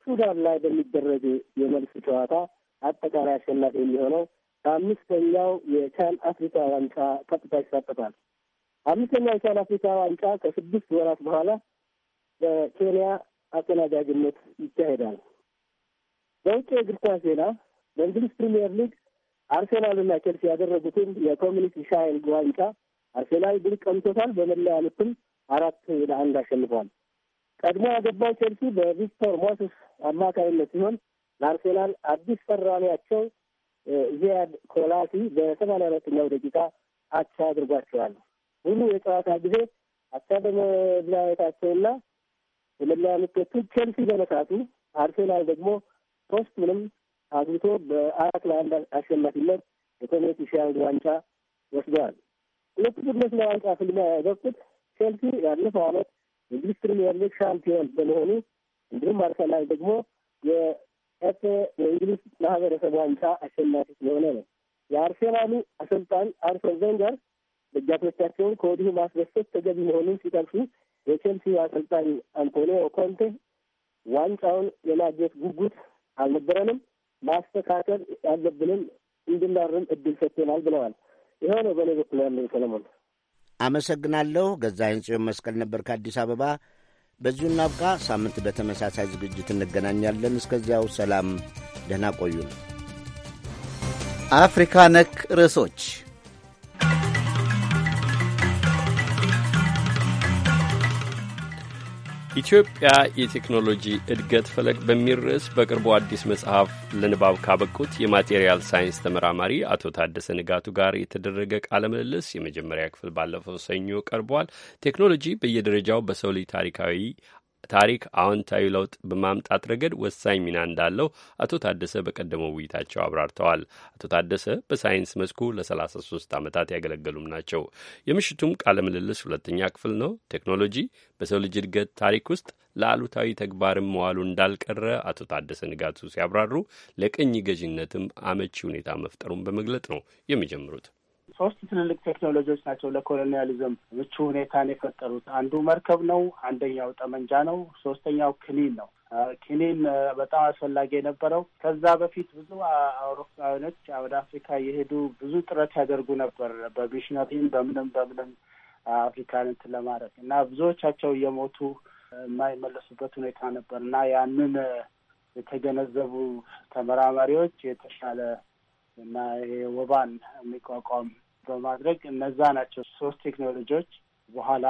ሱዳን ላይ በሚደረግ የመልስ ጨዋታ አጠቃላይ አሸናፊ የሚሆነው በአምስተኛው የቻን አፍሪካ ዋንጫ ቀጥታ ይሳተፋል። አምስተኛው የቻን አፍሪካ ዋንጫ ከስድስት ወራት በኋላ በኬንያ አስተናጋጅነት ይካሄዳል። በውጭ የእግር ኳስ ዜና በእንግሊዝ ፕሪሚየር ሊግ አርሴናል አርሴናልና ቼልሲ ያደረጉትን የኮሚኒቲ ሻይልድ ዋንጫ አርሴናል ድል ቀምቶታል። በመለያ ምትም አራት ለአንድ አሸንፏል። ቀድሞ ያገባው ቼልሲ በቪክቶር ሞስስ አማካኝነት ሲሆን ለአርሴናል አዲስ ፈራሚያቸው ዚያድ ኮላሲ በሰማንያ አራተኛው ደቂቃ አቻ አድርጓቸዋል። ሙሉ የጨዋታ ጊዜ አቻ በመለያየታቸውና የመለያ ምቶቹ ቼልሲ በመሳቱ አርሴናል ደግሞ ሶስት ምንም አግኝቶ በአራት ለአንድ አሸናፊነት የኮሜት ሻል ዋንጫ ወስደዋል። ሁለቱ ቡድኖች ለዋንጫ ፍልሚያ ያበቁት ቼልሲ ያለፈው ዓመት የእንግሊዝ ፕሪሚየር ሊግ ሻምፒዮን በመሆኑ እንዲሁም አርሰናል ደግሞ የኤፍ የእንግሊዝ ማህበረሰብ ዋንጫ አሸናፊ ስለሆነ ነው። የአርሴናሉ አሰልጣኝ አርሰን ቬንገር ደጋፊዎቻቸውን ከወዲሁ ማስደሰት ተገቢ መሆኑን ሲጠቅሱ፣ የቼልሲ አሰልጣኝ አንቶኒዮ ኮንቴ ዋንጫውን የማግኘት ጉጉት አልነበረንም ማስተካከል ያለብንን እንድናርም እድል ሰጥቶናል ብለዋል። ይኸው ነው በእኔ በኩል ያለኝ። ሰለሞን አመሰግናለሁ። ገዛኸኝ ጽዮን መስቀል ነበር ከአዲስ አበባ። በዚሁ እናብቃ። ሳምንት በተመሳሳይ ዝግጅት እንገናኛለን። እስከዚያው ሰላም፣ ደህና ቆዩን። አፍሪካ ነክ ርዕሶች ኢትዮጵያ የቴክኖሎጂ እድገት ፈለቅ በሚል ርዕስ በቅርቡ አዲስ መጽሐፍ ለንባብ ካበቁት የማቴሪያል ሳይንስ ተመራማሪ አቶ ታደሰ ንጋቱ ጋር የተደረገ ቃለ ምልልስ የመጀመሪያ ክፍል ባለፈው ሰኞ ቀርቧል። ቴክኖሎጂ በየደረጃው በሰው ልጅ ታሪካዊ ታሪክ አዎንታዊ ለውጥ በማምጣት ረገድ ወሳኝ ሚና እንዳለው አቶ ታደሰ በቀደመው ውይይታቸው አብራርተዋል። አቶ ታደሰ በሳይንስ መስኩ ለ33 ዓመታት ያገለገሉም ናቸው። የምሽቱም ቃለ ምልልስ ሁለተኛ ክፍል ነው። ቴክኖሎጂ በሰው ልጅ እድገት ታሪክ ውስጥ ለአሉታዊ ተግባርም መዋሉ እንዳልቀረ አቶ ታደሰ ንጋቱ ሲያብራሩ፣ ለቅኝ ገዥነትም አመቺ ሁኔታ መፍጠሩን በመግለጥ ነው የሚጀምሩት። ሶስት ትልልቅ ቴክኖሎጂዎች ናቸው ለኮሎኒያሊዝም ምቹ ሁኔታን የፈጠሩት። አንዱ መርከብ ነው፣ አንደኛው ጠመንጃ ነው፣ ሶስተኛው ክኒን ነው። ክኒን በጣም አስፈላጊ የነበረው ከዛ በፊት ብዙ አውሮፓውያኖች ወደ አፍሪካ የሄዱ ብዙ ጥረት ያደርጉ ነበር በሚሽነሪም በምንም በምንም አፍሪካን እንትን ለማድረግ እና ብዙዎቻቸው እየሞቱ የማይመለሱበት ሁኔታ ነበር እና ያንን የተገነዘቡ ተመራማሪዎች የተሻለ እና ወባን የሚቋቋም በማድረግ እነዛ ናቸው ሶስት ቴክኖሎጂዎች በኋላ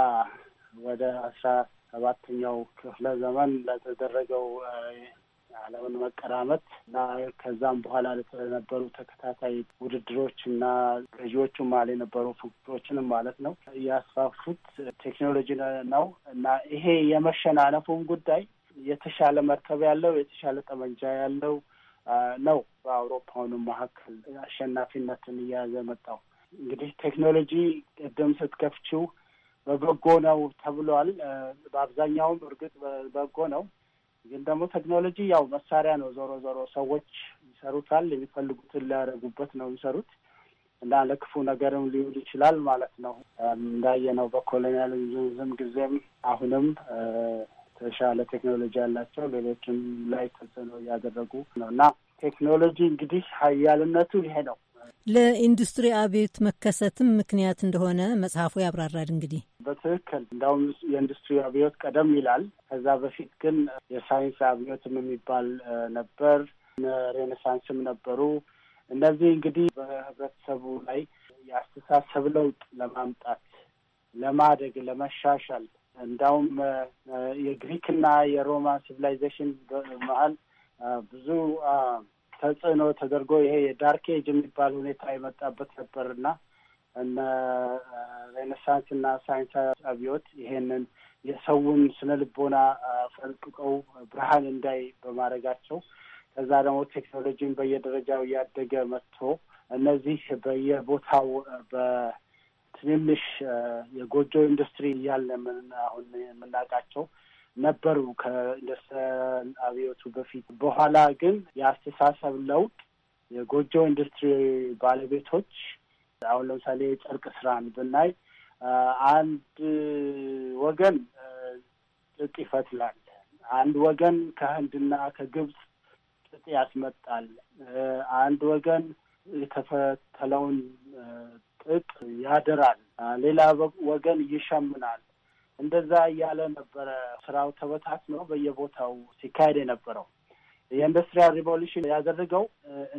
ወደ አስራ ሰባተኛው ክፍለ ዘመን ለተደረገው የዓለምን መቀራመት እና ከዛም በኋላ ለነበሩ ተከታታይ ውድድሮች እና ገዢዎቹ ማል የነበሩ ፉክክሮችንም ማለት ነው ያስፋፉት ቴክኖሎጂ ነው እና ይሄ የመሸናነፉን ጉዳይ የተሻለ መርከብ ያለው የተሻለ ጠመንጃ ያለው ነው በአውሮፓውንም መካከል አሸናፊነትን እያያዘ መጣው። እንግዲህ ቴክኖሎጂ ቅድም ስትከፍችው በበጎ ነው ተብሏል። በአብዛኛውም እርግጥ በበጎ ነው። ግን ደግሞ ቴክኖሎጂ ያው መሳሪያ ነው። ዞሮ ዞሮ ሰዎች ይሰሩታል። የሚፈልጉትን ሊያደርጉበት ነው የሚሰሩት እና ለክፉ ነገርም ሊውል ይችላል ማለት ነው። እንዳየነው በኮሎኒያሊዝም ጊዜም አሁንም የተሻለ ቴክኖሎጂ ያላቸው ሌሎችም ላይ ተጽዕኖ እያደረጉ ነው እና ቴክኖሎጂ እንግዲህ ሀያልነቱ ይሄ ነው። ለኢንዱስትሪ አብዮት መከሰትም ምክንያት እንደሆነ መጽሐፉ ያብራራል። እንግዲህ በትክክል እንዳውም የኢንዱስትሪ አብዮት ቀደም ይላል። ከዛ በፊት ግን የሳይንስ አብዮትም የሚባል ነበር፣ ሬኔሳንስም ነበሩ። እነዚህ እንግዲህ በህብረተሰቡ ላይ የአስተሳሰብ ለውጥ ለማምጣት ለማደግ፣ ለመሻሻል እንዳውም የግሪክና የሮማ ሲቪላይዜሽን መሀል ብዙ ተጽዕኖ ተደርጎ ይሄ የዳርክ ኤጅ የሚባል ሁኔታ የመጣበት ነበር እና እነ ሬኔሳንስ እና ሳይንስ አብዮት ይሄንን የሰውን ስነ ልቦና ፈልቅቀው ብርሃን እንዳይ በማድረጋቸው ከዛ ደግሞ ቴክኖሎጂን በየደረጃው እያደገ መጥቶ እነዚህ በየቦታው በትንንሽ የጎጆ ኢንዱስትሪ እያለ አሁን የምናውቃቸው ነበሩ ከኢንዱስትሪያል አብዮቱ በፊት። በኋላ ግን የአስተሳሰብ ለውጥ የጎጆ ኢንዱስትሪ ባለቤቶች አሁን ለምሳሌ የጨርቅ ስራን ብናይ አንድ ወገን ጥጥ ይፈትላል፣ አንድ ወገን ከህንድና ከግብፅ ጥጥ ያስመጣል፣ አንድ ወገን የተፈተለውን ጥጥ ያደራል ሌላ ወገን ይሸምናል። እንደዛ እያለ ነበረ ስራው ተበታትኖ በየቦታው ሲካሄድ የነበረው። የኢንዱስትሪያል ሪቮሉሽን ያደረገው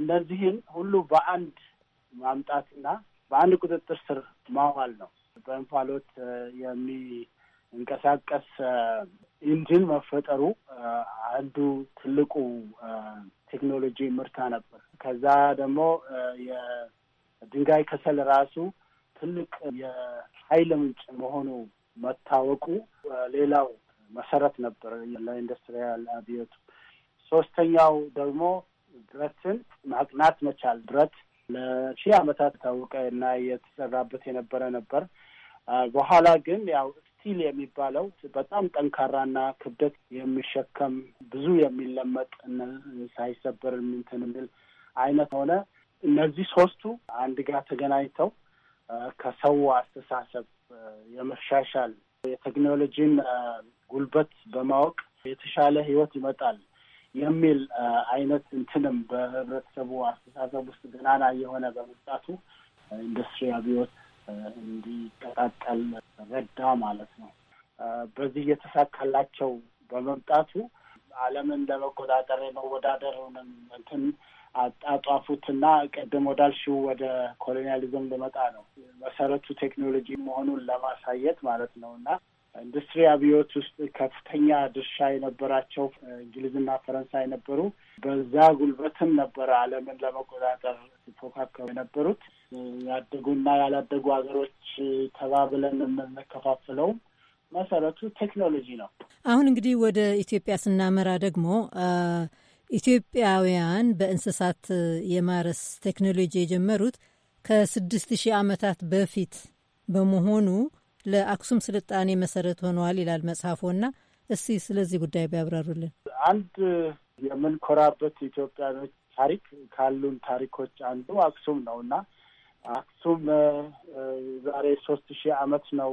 እነዚህን ሁሉ በአንድ ማምጣትና በአንድ ቁጥጥር ስር ማዋል ነው። በእንፋሎት የሚንቀሳቀስ ኢንጂን መፈጠሩ አንዱ ትልቁ ቴክኖሎጂ ምርታ ነበር። ከዛ ደግሞ የድንጋይ ከሰል ራሱ ትልቅ የኃይል ምንጭ መሆኑ መታወቁ ሌላው መሰረት ነበር ለኢንዱስትሪያል አብዮቱ። ሶስተኛው ደግሞ ብረትን ማቅናት መቻል። ብረት ለሺህ ዓመታት ታወቀ እና የተሰራበት የነበረ ነበር። በኋላ ግን ያው ስቲል የሚባለው በጣም ጠንካራና ክብደት የሚሸከም ብዙ የሚለመጥ ሳይሰበር እንትን የሚል አይነት ሆነ። እነዚህ ሶስቱ አንድ ጋር ተገናኝተው ከሰው አስተሳሰብ የመሻሻል የቴክኖሎጂን ጉልበት በማወቅ የተሻለ ህይወት ይመጣል የሚል አይነት እንትንም በህብረተሰቡ አስተሳሰብ ውስጥ ገናና የሆነ በመምጣቱ ኢንዱስትሪ አብዮት እንዲቀጣጠል ረዳ ማለት ነው። በዚህ የተሳካላቸው በመምጣቱ ዓለምን ለመቆጣጠር የመወዳደር እንትን አጣጧፉትና ቀደም ወዳልሽው ወደ ኮሎኒያሊዝም ልመጣ ነው። መሰረቱ ቴክኖሎጂ መሆኑን ለማሳየት ማለት ነው እና ኢንዱስትሪ አብዮት ውስጥ ከፍተኛ ድርሻ የነበራቸው እንግሊዝና ፈረንሳይ ነበሩ። በዛ ጉልበትም ነበረ ዓለምን ለመቆጣጠር ሲፎካከሩ የነበሩት። ያደጉና ያላደጉ ሀገሮች ተባብለን የምንከፋፍለው መሰረቱ ቴክኖሎጂ ነው። አሁን እንግዲህ ወደ ኢትዮጵያ ስናመራ ደግሞ ኢትዮጵያውያን በእንስሳት የማረስ ቴክኖሎጂ የጀመሩት ከ6000 ዓመታት በፊት በመሆኑ ለአክሱም ስልጣኔ መሰረት ሆነዋል ይላል መጽሐፎና እስቲ ስለዚህ ጉዳይ ቢያብራሩልን። አንድ የምንኮራበት ኢትዮጵያኖች ታሪክ ካሉን ታሪኮች አንዱ አክሱም ነው እና አክሱም ዛሬ ሶስት ሺህ ዓመት ነው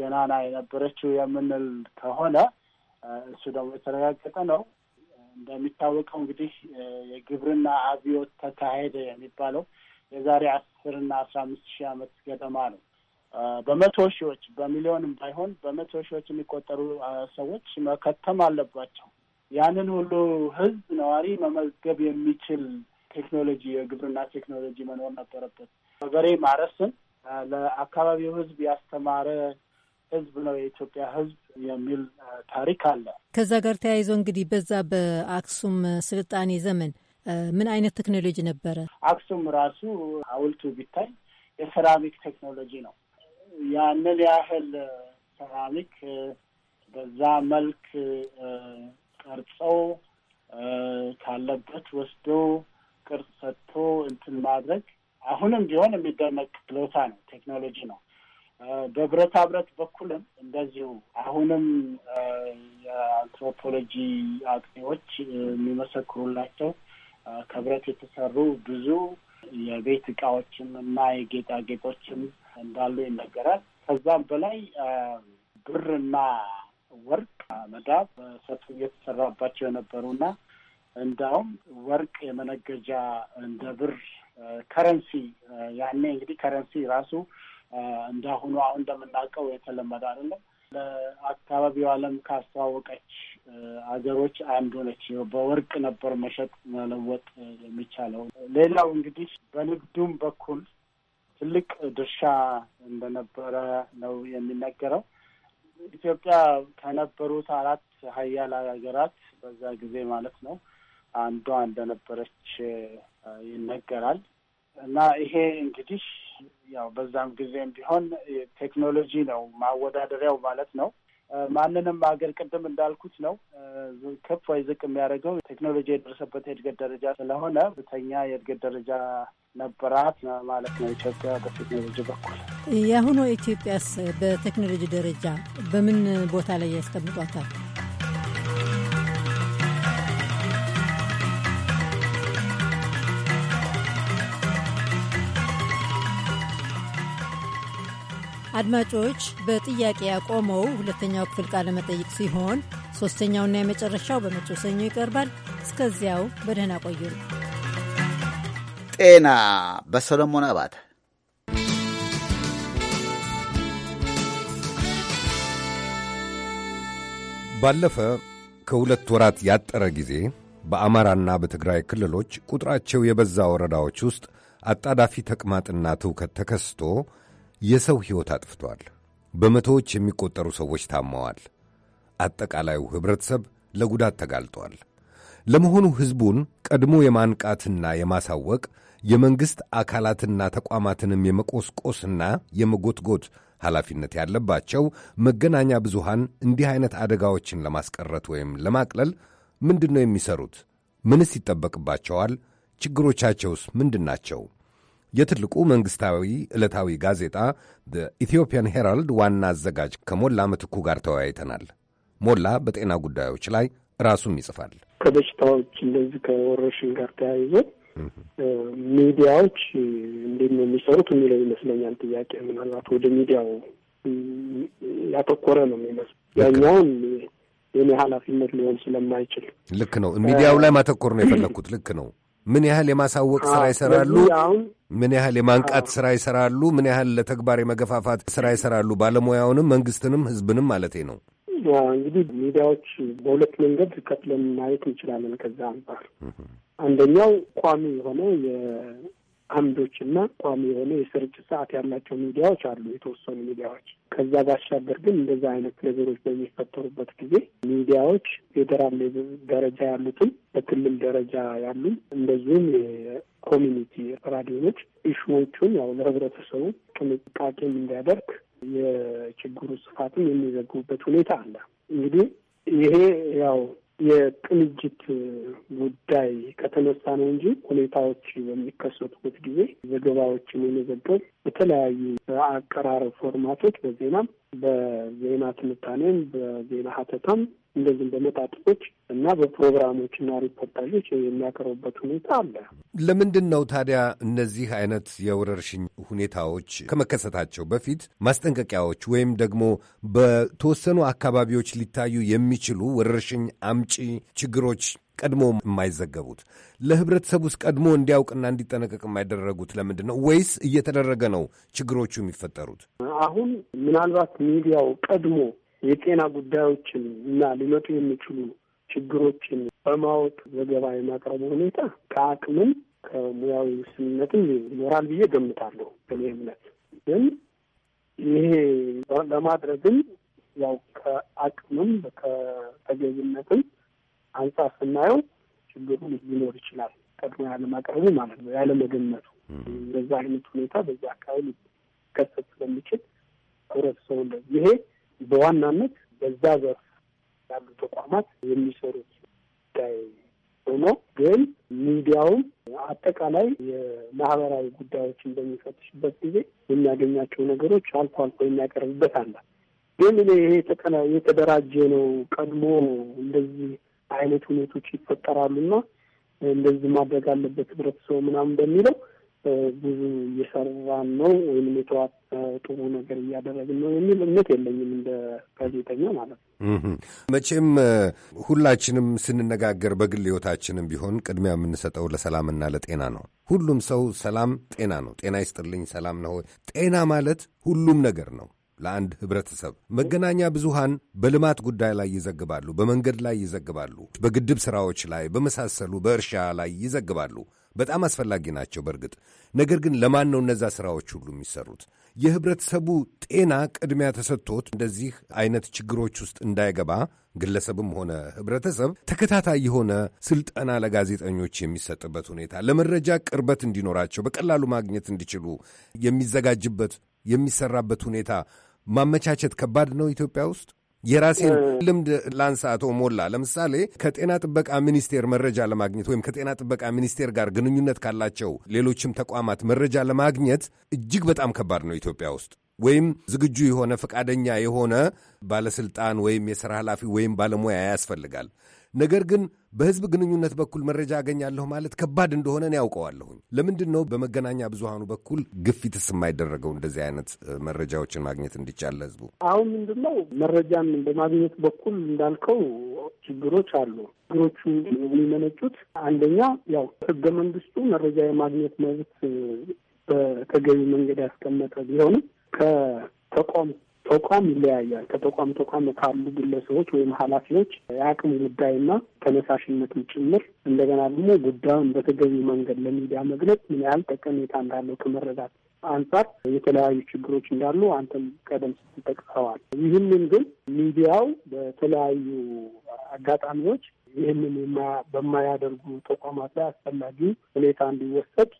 ገናና የነበረችው የምንል ከሆነ እሱ ደግሞ የተረጋገጠ ነው። እንደሚታወቀው እንግዲህ የግብርና አብዮት ተካሄደ የሚባለው የዛሬ አስርና አስራ አምስት ሺህ ዓመት ገደማ ነው። በመቶ ሺዎች በሚሊዮንም ባይሆን በመቶ ሺዎች የሚቆጠሩ ሰዎች መከተም አለባቸው። ያንን ሁሉ ህዝብ ነዋሪ መመዝገብ የሚችል ቴክኖሎጂ የግብርና ቴክኖሎጂ መኖር ነበረበት። በበሬ ማረስን ለአካባቢው ህዝብ ያስተማረ ህዝብ ነው የኢትዮጵያ ህዝብ የሚል ታሪክ አለ። ከዛ ጋር ተያይዞ እንግዲህ በዛ በአክሱም ስልጣኔ ዘመን ምን አይነት ቴክኖሎጂ ነበረ? አክሱም ራሱ ሀውልቱ ቢታይ የሴራሚክ ቴክኖሎጂ ነው። ያንን ያህል ሴራሚክ በዛ መልክ ቀርጸው ካለበት ወስዶ ቅርጽ ሰጥቶ እንትን ማድረግ አሁንም ቢሆን የሚደመቅ ችሎታ ነው፣ ቴክኖሎጂ ነው። በብረታ ብረት በኩልም እንደዚሁ አሁንም የአንትሮፖሎጂ አጥኚዎች የሚመሰክሩላቸው ከብረት የተሰሩ ብዙ የቤት እቃዎችም እና የጌጣጌጦችም እንዳሉ ይነገራል። ከዛም በላይ ብርና ወርቅ መዳብ እየተሰራባቸው የነበሩ የነበሩና እንዳውም ወርቅ የመነገጃ እንደ ብር ከረንሲ ያኔ እንግዲህ ከረንሲ ራሱ እንዳሁኑ አሁን እንደምናውቀው የተለመደ አይደለም። ለአካባቢው ዓለም ካስተዋወቀች አገሮች አንዱ ነች። በወርቅ ነበር መሸጥ መለወጥ የሚቻለው። ሌላው እንግዲህ በንግዱም በኩል ትልቅ ድርሻ እንደነበረ ነው የሚነገረው። ኢትዮጵያ ከነበሩት አራት ሀያል ሀገራት በዛ ጊዜ ማለት ነው አንዷ እንደነበረች ይነገራል እና ይሄ እንግዲህ ያው በዛም ጊዜም ቢሆን ቴክኖሎጂ ነው ማወዳደሪያው ማለት ነው። ማንንም ሀገር ቅድም እንዳልኩት ነው ከፍ ወይ ዝቅ የሚያደርገው ቴክኖሎጂ የደረሰበት የእድገት ደረጃ ስለሆነ ብተኛ የእድገት ደረጃ ነበራት ማለት ነው ኢትዮጵያ በቴክኖሎጂ በኩል። የአሁኑ ኢትዮጵያስ በቴክኖሎጂ ደረጃ በምን ቦታ ላይ ያስቀምጧታል? አድማጮች በጥያቄ ያቆመው ሁለተኛው ክፍል ቃለ መጠይቅ ሲሆን ሶስተኛውና የመጨረሻው በመጪው ሰኞ ይቀርባል። እስከዚያው በደህና ቆዩ። ጤና በሰለሞን አባተ ባለፈ ከሁለት ወራት ያጠረ ጊዜ በአማራና በትግራይ ክልሎች ቁጥራቸው የበዛ ወረዳዎች ውስጥ አጣዳፊ ተቅማጥና ትውከት ተከስቶ የሰው ሕይወት አጥፍቷል። በመቶዎች የሚቆጠሩ ሰዎች ታመዋል። አጠቃላዩ ኅብረተሰብ ለጉዳት ተጋልጧል። ለመሆኑ ሕዝቡን ቀድሞ የማንቃትና የማሳወቅ የመንግሥት አካላትና ተቋማትንም የመቆስቆስና የመጎትጎት ኃላፊነት ያለባቸው መገናኛ ብዙሃን እንዲህ አይነት አደጋዎችን ለማስቀረት ወይም ለማቅለል ምንድን ነው የሚሠሩት? ምንስ ይጠበቅባቸዋል? ችግሮቻቸውስ ምንድን ናቸው? የትልቁ መንግሥታዊ ዕለታዊ ጋዜጣ በኢትዮጵያን ሄራልድ ዋና አዘጋጅ ከሞላ ምትኩ ጋር ተወያይተናል። ሞላ በጤና ጉዳዮች ላይ ራሱም ይጽፋል። ከበሽታዎች እንደዚህ ከወረርሽኝ ጋር ተያይዞ ሚዲያዎች እንዴት ነው የሚሰሩት የሚለው ይመስለኛል ጥያቄ። ምናልባት ወደ ሚዲያው ያተኮረ ነው የሚመስለው ያኛውን የኔ ኃላፊነት ሊሆን ስለማይችል ልክ ነው። ሚዲያው ላይ ማተኮር ነው የፈለግኩት። ልክ ነው። ምን ያህል የማሳወቅ ስራ ይሰራሉ? አሁን ምን ያህል የማንቃት ስራ ይሰራሉ? ምን ያህል ለተግባር የመገፋፋት ስራ ይሰራሉ? ባለሙያውንም መንግስትንም ህዝብንም ማለቴ ነው። እንግዲህ ሚዲያዎች በሁለት መንገድ ከፍለን ማየት እንችላለን። ከዛ አንጻር አንደኛው ቋሚ የሆነ አምዶች እና ቋሚ የሆነ የስርጭት ሰዓት ያላቸው ሚዲያዎች አሉ፣ የተወሰኑ ሚዲያዎች። ከዛ ባሻገር ግን እንደዛ አይነት ነገሮች በሚፈጠሩበት ጊዜ ሚዲያዎች ፌዴራል ደረጃ ያሉትም በክልል ደረጃ ያሉ እንደዚሁም የኮሚኒቲ ራዲዮኖች ኢሹዎቹን ያው ለህብረተሰቡ ጥንቃቄም እንዲያደርግ የችግሩ ስፋትም የሚዘግቡበት ሁኔታ አለ። እንግዲህ ይሄ ያው የቅንጅት ጉዳይ ከተነሳ ነው እንጂ ሁኔታዎች በሚከሰቱበት ጊዜ ዘገባዎችን የመዘገብ በተለያዩ አቀራረብ ፎርማቶች በዜናም በዜና ትንታኔም በዜና ሀተታም እንደዚህም በመጣጥፎች እና በፕሮግራሞች እና ሪፖርታጆች የሚያቀርቡበት ሁኔታ አለ። ለምንድን ነው ታዲያ እነዚህ አይነት የወረርሽኝ ሁኔታዎች ከመከሰታቸው በፊት ማስጠንቀቂያዎች ወይም ደግሞ በተወሰኑ አካባቢዎች ሊታዩ የሚችሉ ወረርሽኝ አምጪ ችግሮች ቀድሞ የማይዘገቡት ለህብረተሰብ ውስጥ ቀድሞ እንዲያውቅና እንዲጠነቀቅ የማይደረጉት ለምንድን ነው? ወይስ እየተደረገ ነው ችግሮቹ የሚፈጠሩት? አሁን ምናልባት ሚዲያው ቀድሞ የጤና ጉዳዮችን እና ሊመጡ የሚችሉ ችግሮችን በማወቅ ዘገባ የማቅረቡ ሁኔታ ከአቅምም ከሙያዊ ውስንነትም ይኖራል ብዬ ገምታለሁ። በኔ እምነት ግን ይሄ ለማድረግም ያው ከአቅምም ከተገቢነትም አንጻር ስናየው ችግሩ ሊኖር ይችላል። ቀድሞ ያለማቅረቡ ማለት ነው፣ ያለመገመቱ በዛ አይነት ሁኔታ በዛ አካባቢ ሊከሰት ስለሚችል ህብረተሰቡ ይሄ በዋናነት በዛ ዘርፍ ያሉ ተቋማት የሚሰሩት ጉዳይ ሆኖ ግን ሚዲያውም አጠቃላይ የማህበራዊ ጉዳዮችን በሚፈትሽበት ጊዜ የሚያገኛቸው ነገሮች አልፎ አልፎ የሚያቀርብበት አለ። ግን እኔ ይሄ የተደራጀ ነው ቀድሞ እንደዚህ አይነት ሁኔቶች ይፈጠራሉና እንደዚህ ማድረግ አለበት ህብረተሰቡ ምናምን በሚለው ብዙ እየሰራን ነው ወይም የተዋት ጥሩ ነገር እያደረግን ነው የሚል እምነት የለኝም እንደ ጋዜጠኛ ማለት ነው። መቼም ሁላችንም ስንነጋገር በግል ህይወታችንም ቢሆን ቅድሚያ የምንሰጠው ለሰላምና ለጤና ነው። ሁሉም ሰው ሰላም ጤና ነው። ጤና ይስጥልኝ ሰላም ነው። ጤና ማለት ሁሉም ነገር ነው። ለአንድ ህብረተሰብ መገናኛ ብዙሃን በልማት ጉዳይ ላይ ይዘግባሉ፣ በመንገድ ላይ ይዘግባሉ፣ በግድብ ስራዎች ላይ በመሳሰሉ በእርሻ ላይ ይዘግባሉ። በጣም አስፈላጊ ናቸው በእርግጥ ነገር ግን ለማን ነው እነዛ ስራዎች ሁሉ የሚሰሩት? የህብረተሰቡ ጤና ቅድሚያ ተሰጥቶት እንደዚህ አይነት ችግሮች ውስጥ እንዳይገባ ግለሰብም ሆነ ህብረተሰብ ተከታታይ የሆነ ስልጠና ለጋዜጠኞች የሚሰጥበት ሁኔታ ለመረጃ ቅርበት እንዲኖራቸው በቀላሉ ማግኘት እንዲችሉ የሚዘጋጅበት የሚሰራበት ሁኔታ ማመቻቸት ከባድ ነው ኢትዮጵያ ውስጥ። የራሴን ልምድ ላንሳ። አቶ ሞላ ለምሳሌ ከጤና ጥበቃ ሚኒስቴር መረጃ ለማግኘት ወይም ከጤና ጥበቃ ሚኒስቴር ጋር ግንኙነት ካላቸው ሌሎችም ተቋማት መረጃ ለማግኘት እጅግ በጣም ከባድ ነው ኢትዮጵያ ውስጥ። ወይም ዝግጁ የሆነ ፈቃደኛ የሆነ ባለስልጣን ወይም የሥራ ኃላፊ ወይም ባለሙያ ያስፈልጋል። ነገር ግን በህዝብ ግንኙነት በኩል መረጃ አገኛለሁ ማለት ከባድ እንደሆነ እኔ ያውቀዋለሁኝ። ለምንድን ነው በመገናኛ ብዙሃኑ በኩል ግፊትስ የማይደረገው እንደዚህ አይነት መረጃዎችን ማግኘት እንዲቻል ለህዝቡ? አሁን ምንድን ነው መረጃን በማግኘት በኩል እንዳልከው ችግሮች አሉ። ችግሮቹ የሚመነጩት አንደኛ ያው ህገ መንግስቱ መረጃ የማግኘት መብት በተገቢ መንገድ ያስቀመጠ ቢሆንም ከተቋም ተቋም ይለያያል። ከተቋም ተቋም ካሉ ግለሰቦች ወይም ኃላፊዎች የአቅም ጉዳይና ተነሳሽነትም ጭምር እንደገና ደግሞ ጉዳዩን በተገቢ መንገድ ለሚዲያ መግለጽ ምን ያህል ጠቀሜታ እንዳለው ከመረዳት አንጻር የተለያዩ ችግሮች እንዳሉ አንተም ቀደም ስትጠቅሰዋል። ይህንን ግን ሚዲያው በተለያዩ አጋጣሚዎች ይህንን በማያደርጉ ተቋማት ላይ አስፈላጊ ሁኔታ እንዲወሰድ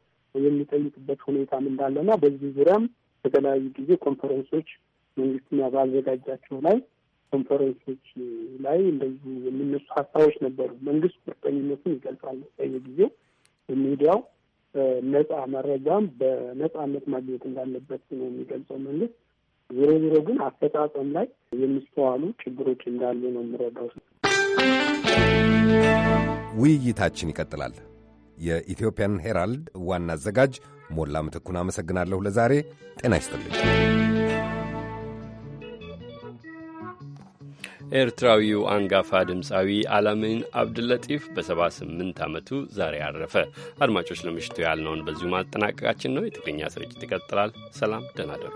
የሚጠይቅበት ሁኔታም እንዳለና በዚህ ዙሪያም በተለያዩ ጊዜ ኮንፈረንሶች መንግስትና ባዘጋጃቸው ላይ ኮንፈረንሶች ላይ እንደዚህ የሚነሱ ሀሳቦች ነበሩ። መንግስት ቁርጠኝነቱን ይገልጻል ጊዜ ሚዲያው ነጻ መረጃም በነጻነት ማግኘት እንዳለበት ነው የሚገልጸው መንግስት። ዞሮ ዞሮ ግን አፈጻጸም ላይ የሚስተዋሉ ችግሮች እንዳሉ ነው የምረዳው። ውይይታችን ይቀጥላል። የኢትዮጵያን ሄራልድ ዋና አዘጋጅ ሞላ ምትኩን አመሰግናለሁ። ለዛሬ ጤና ይስጥልኝ። ኤርትራዊው አንጋፋ ድምፃዊ አላሚን አብድለጢፍ በ78 ዓመቱ ዛሬ አረፈ። አድማጮች ለምሽቱ ያልነውን በዚሁ ማጠናቀቃችን ነው። የትግርኛ ስርጭት ይቀጥላል። ሰላም፣ ደህና ደሩ።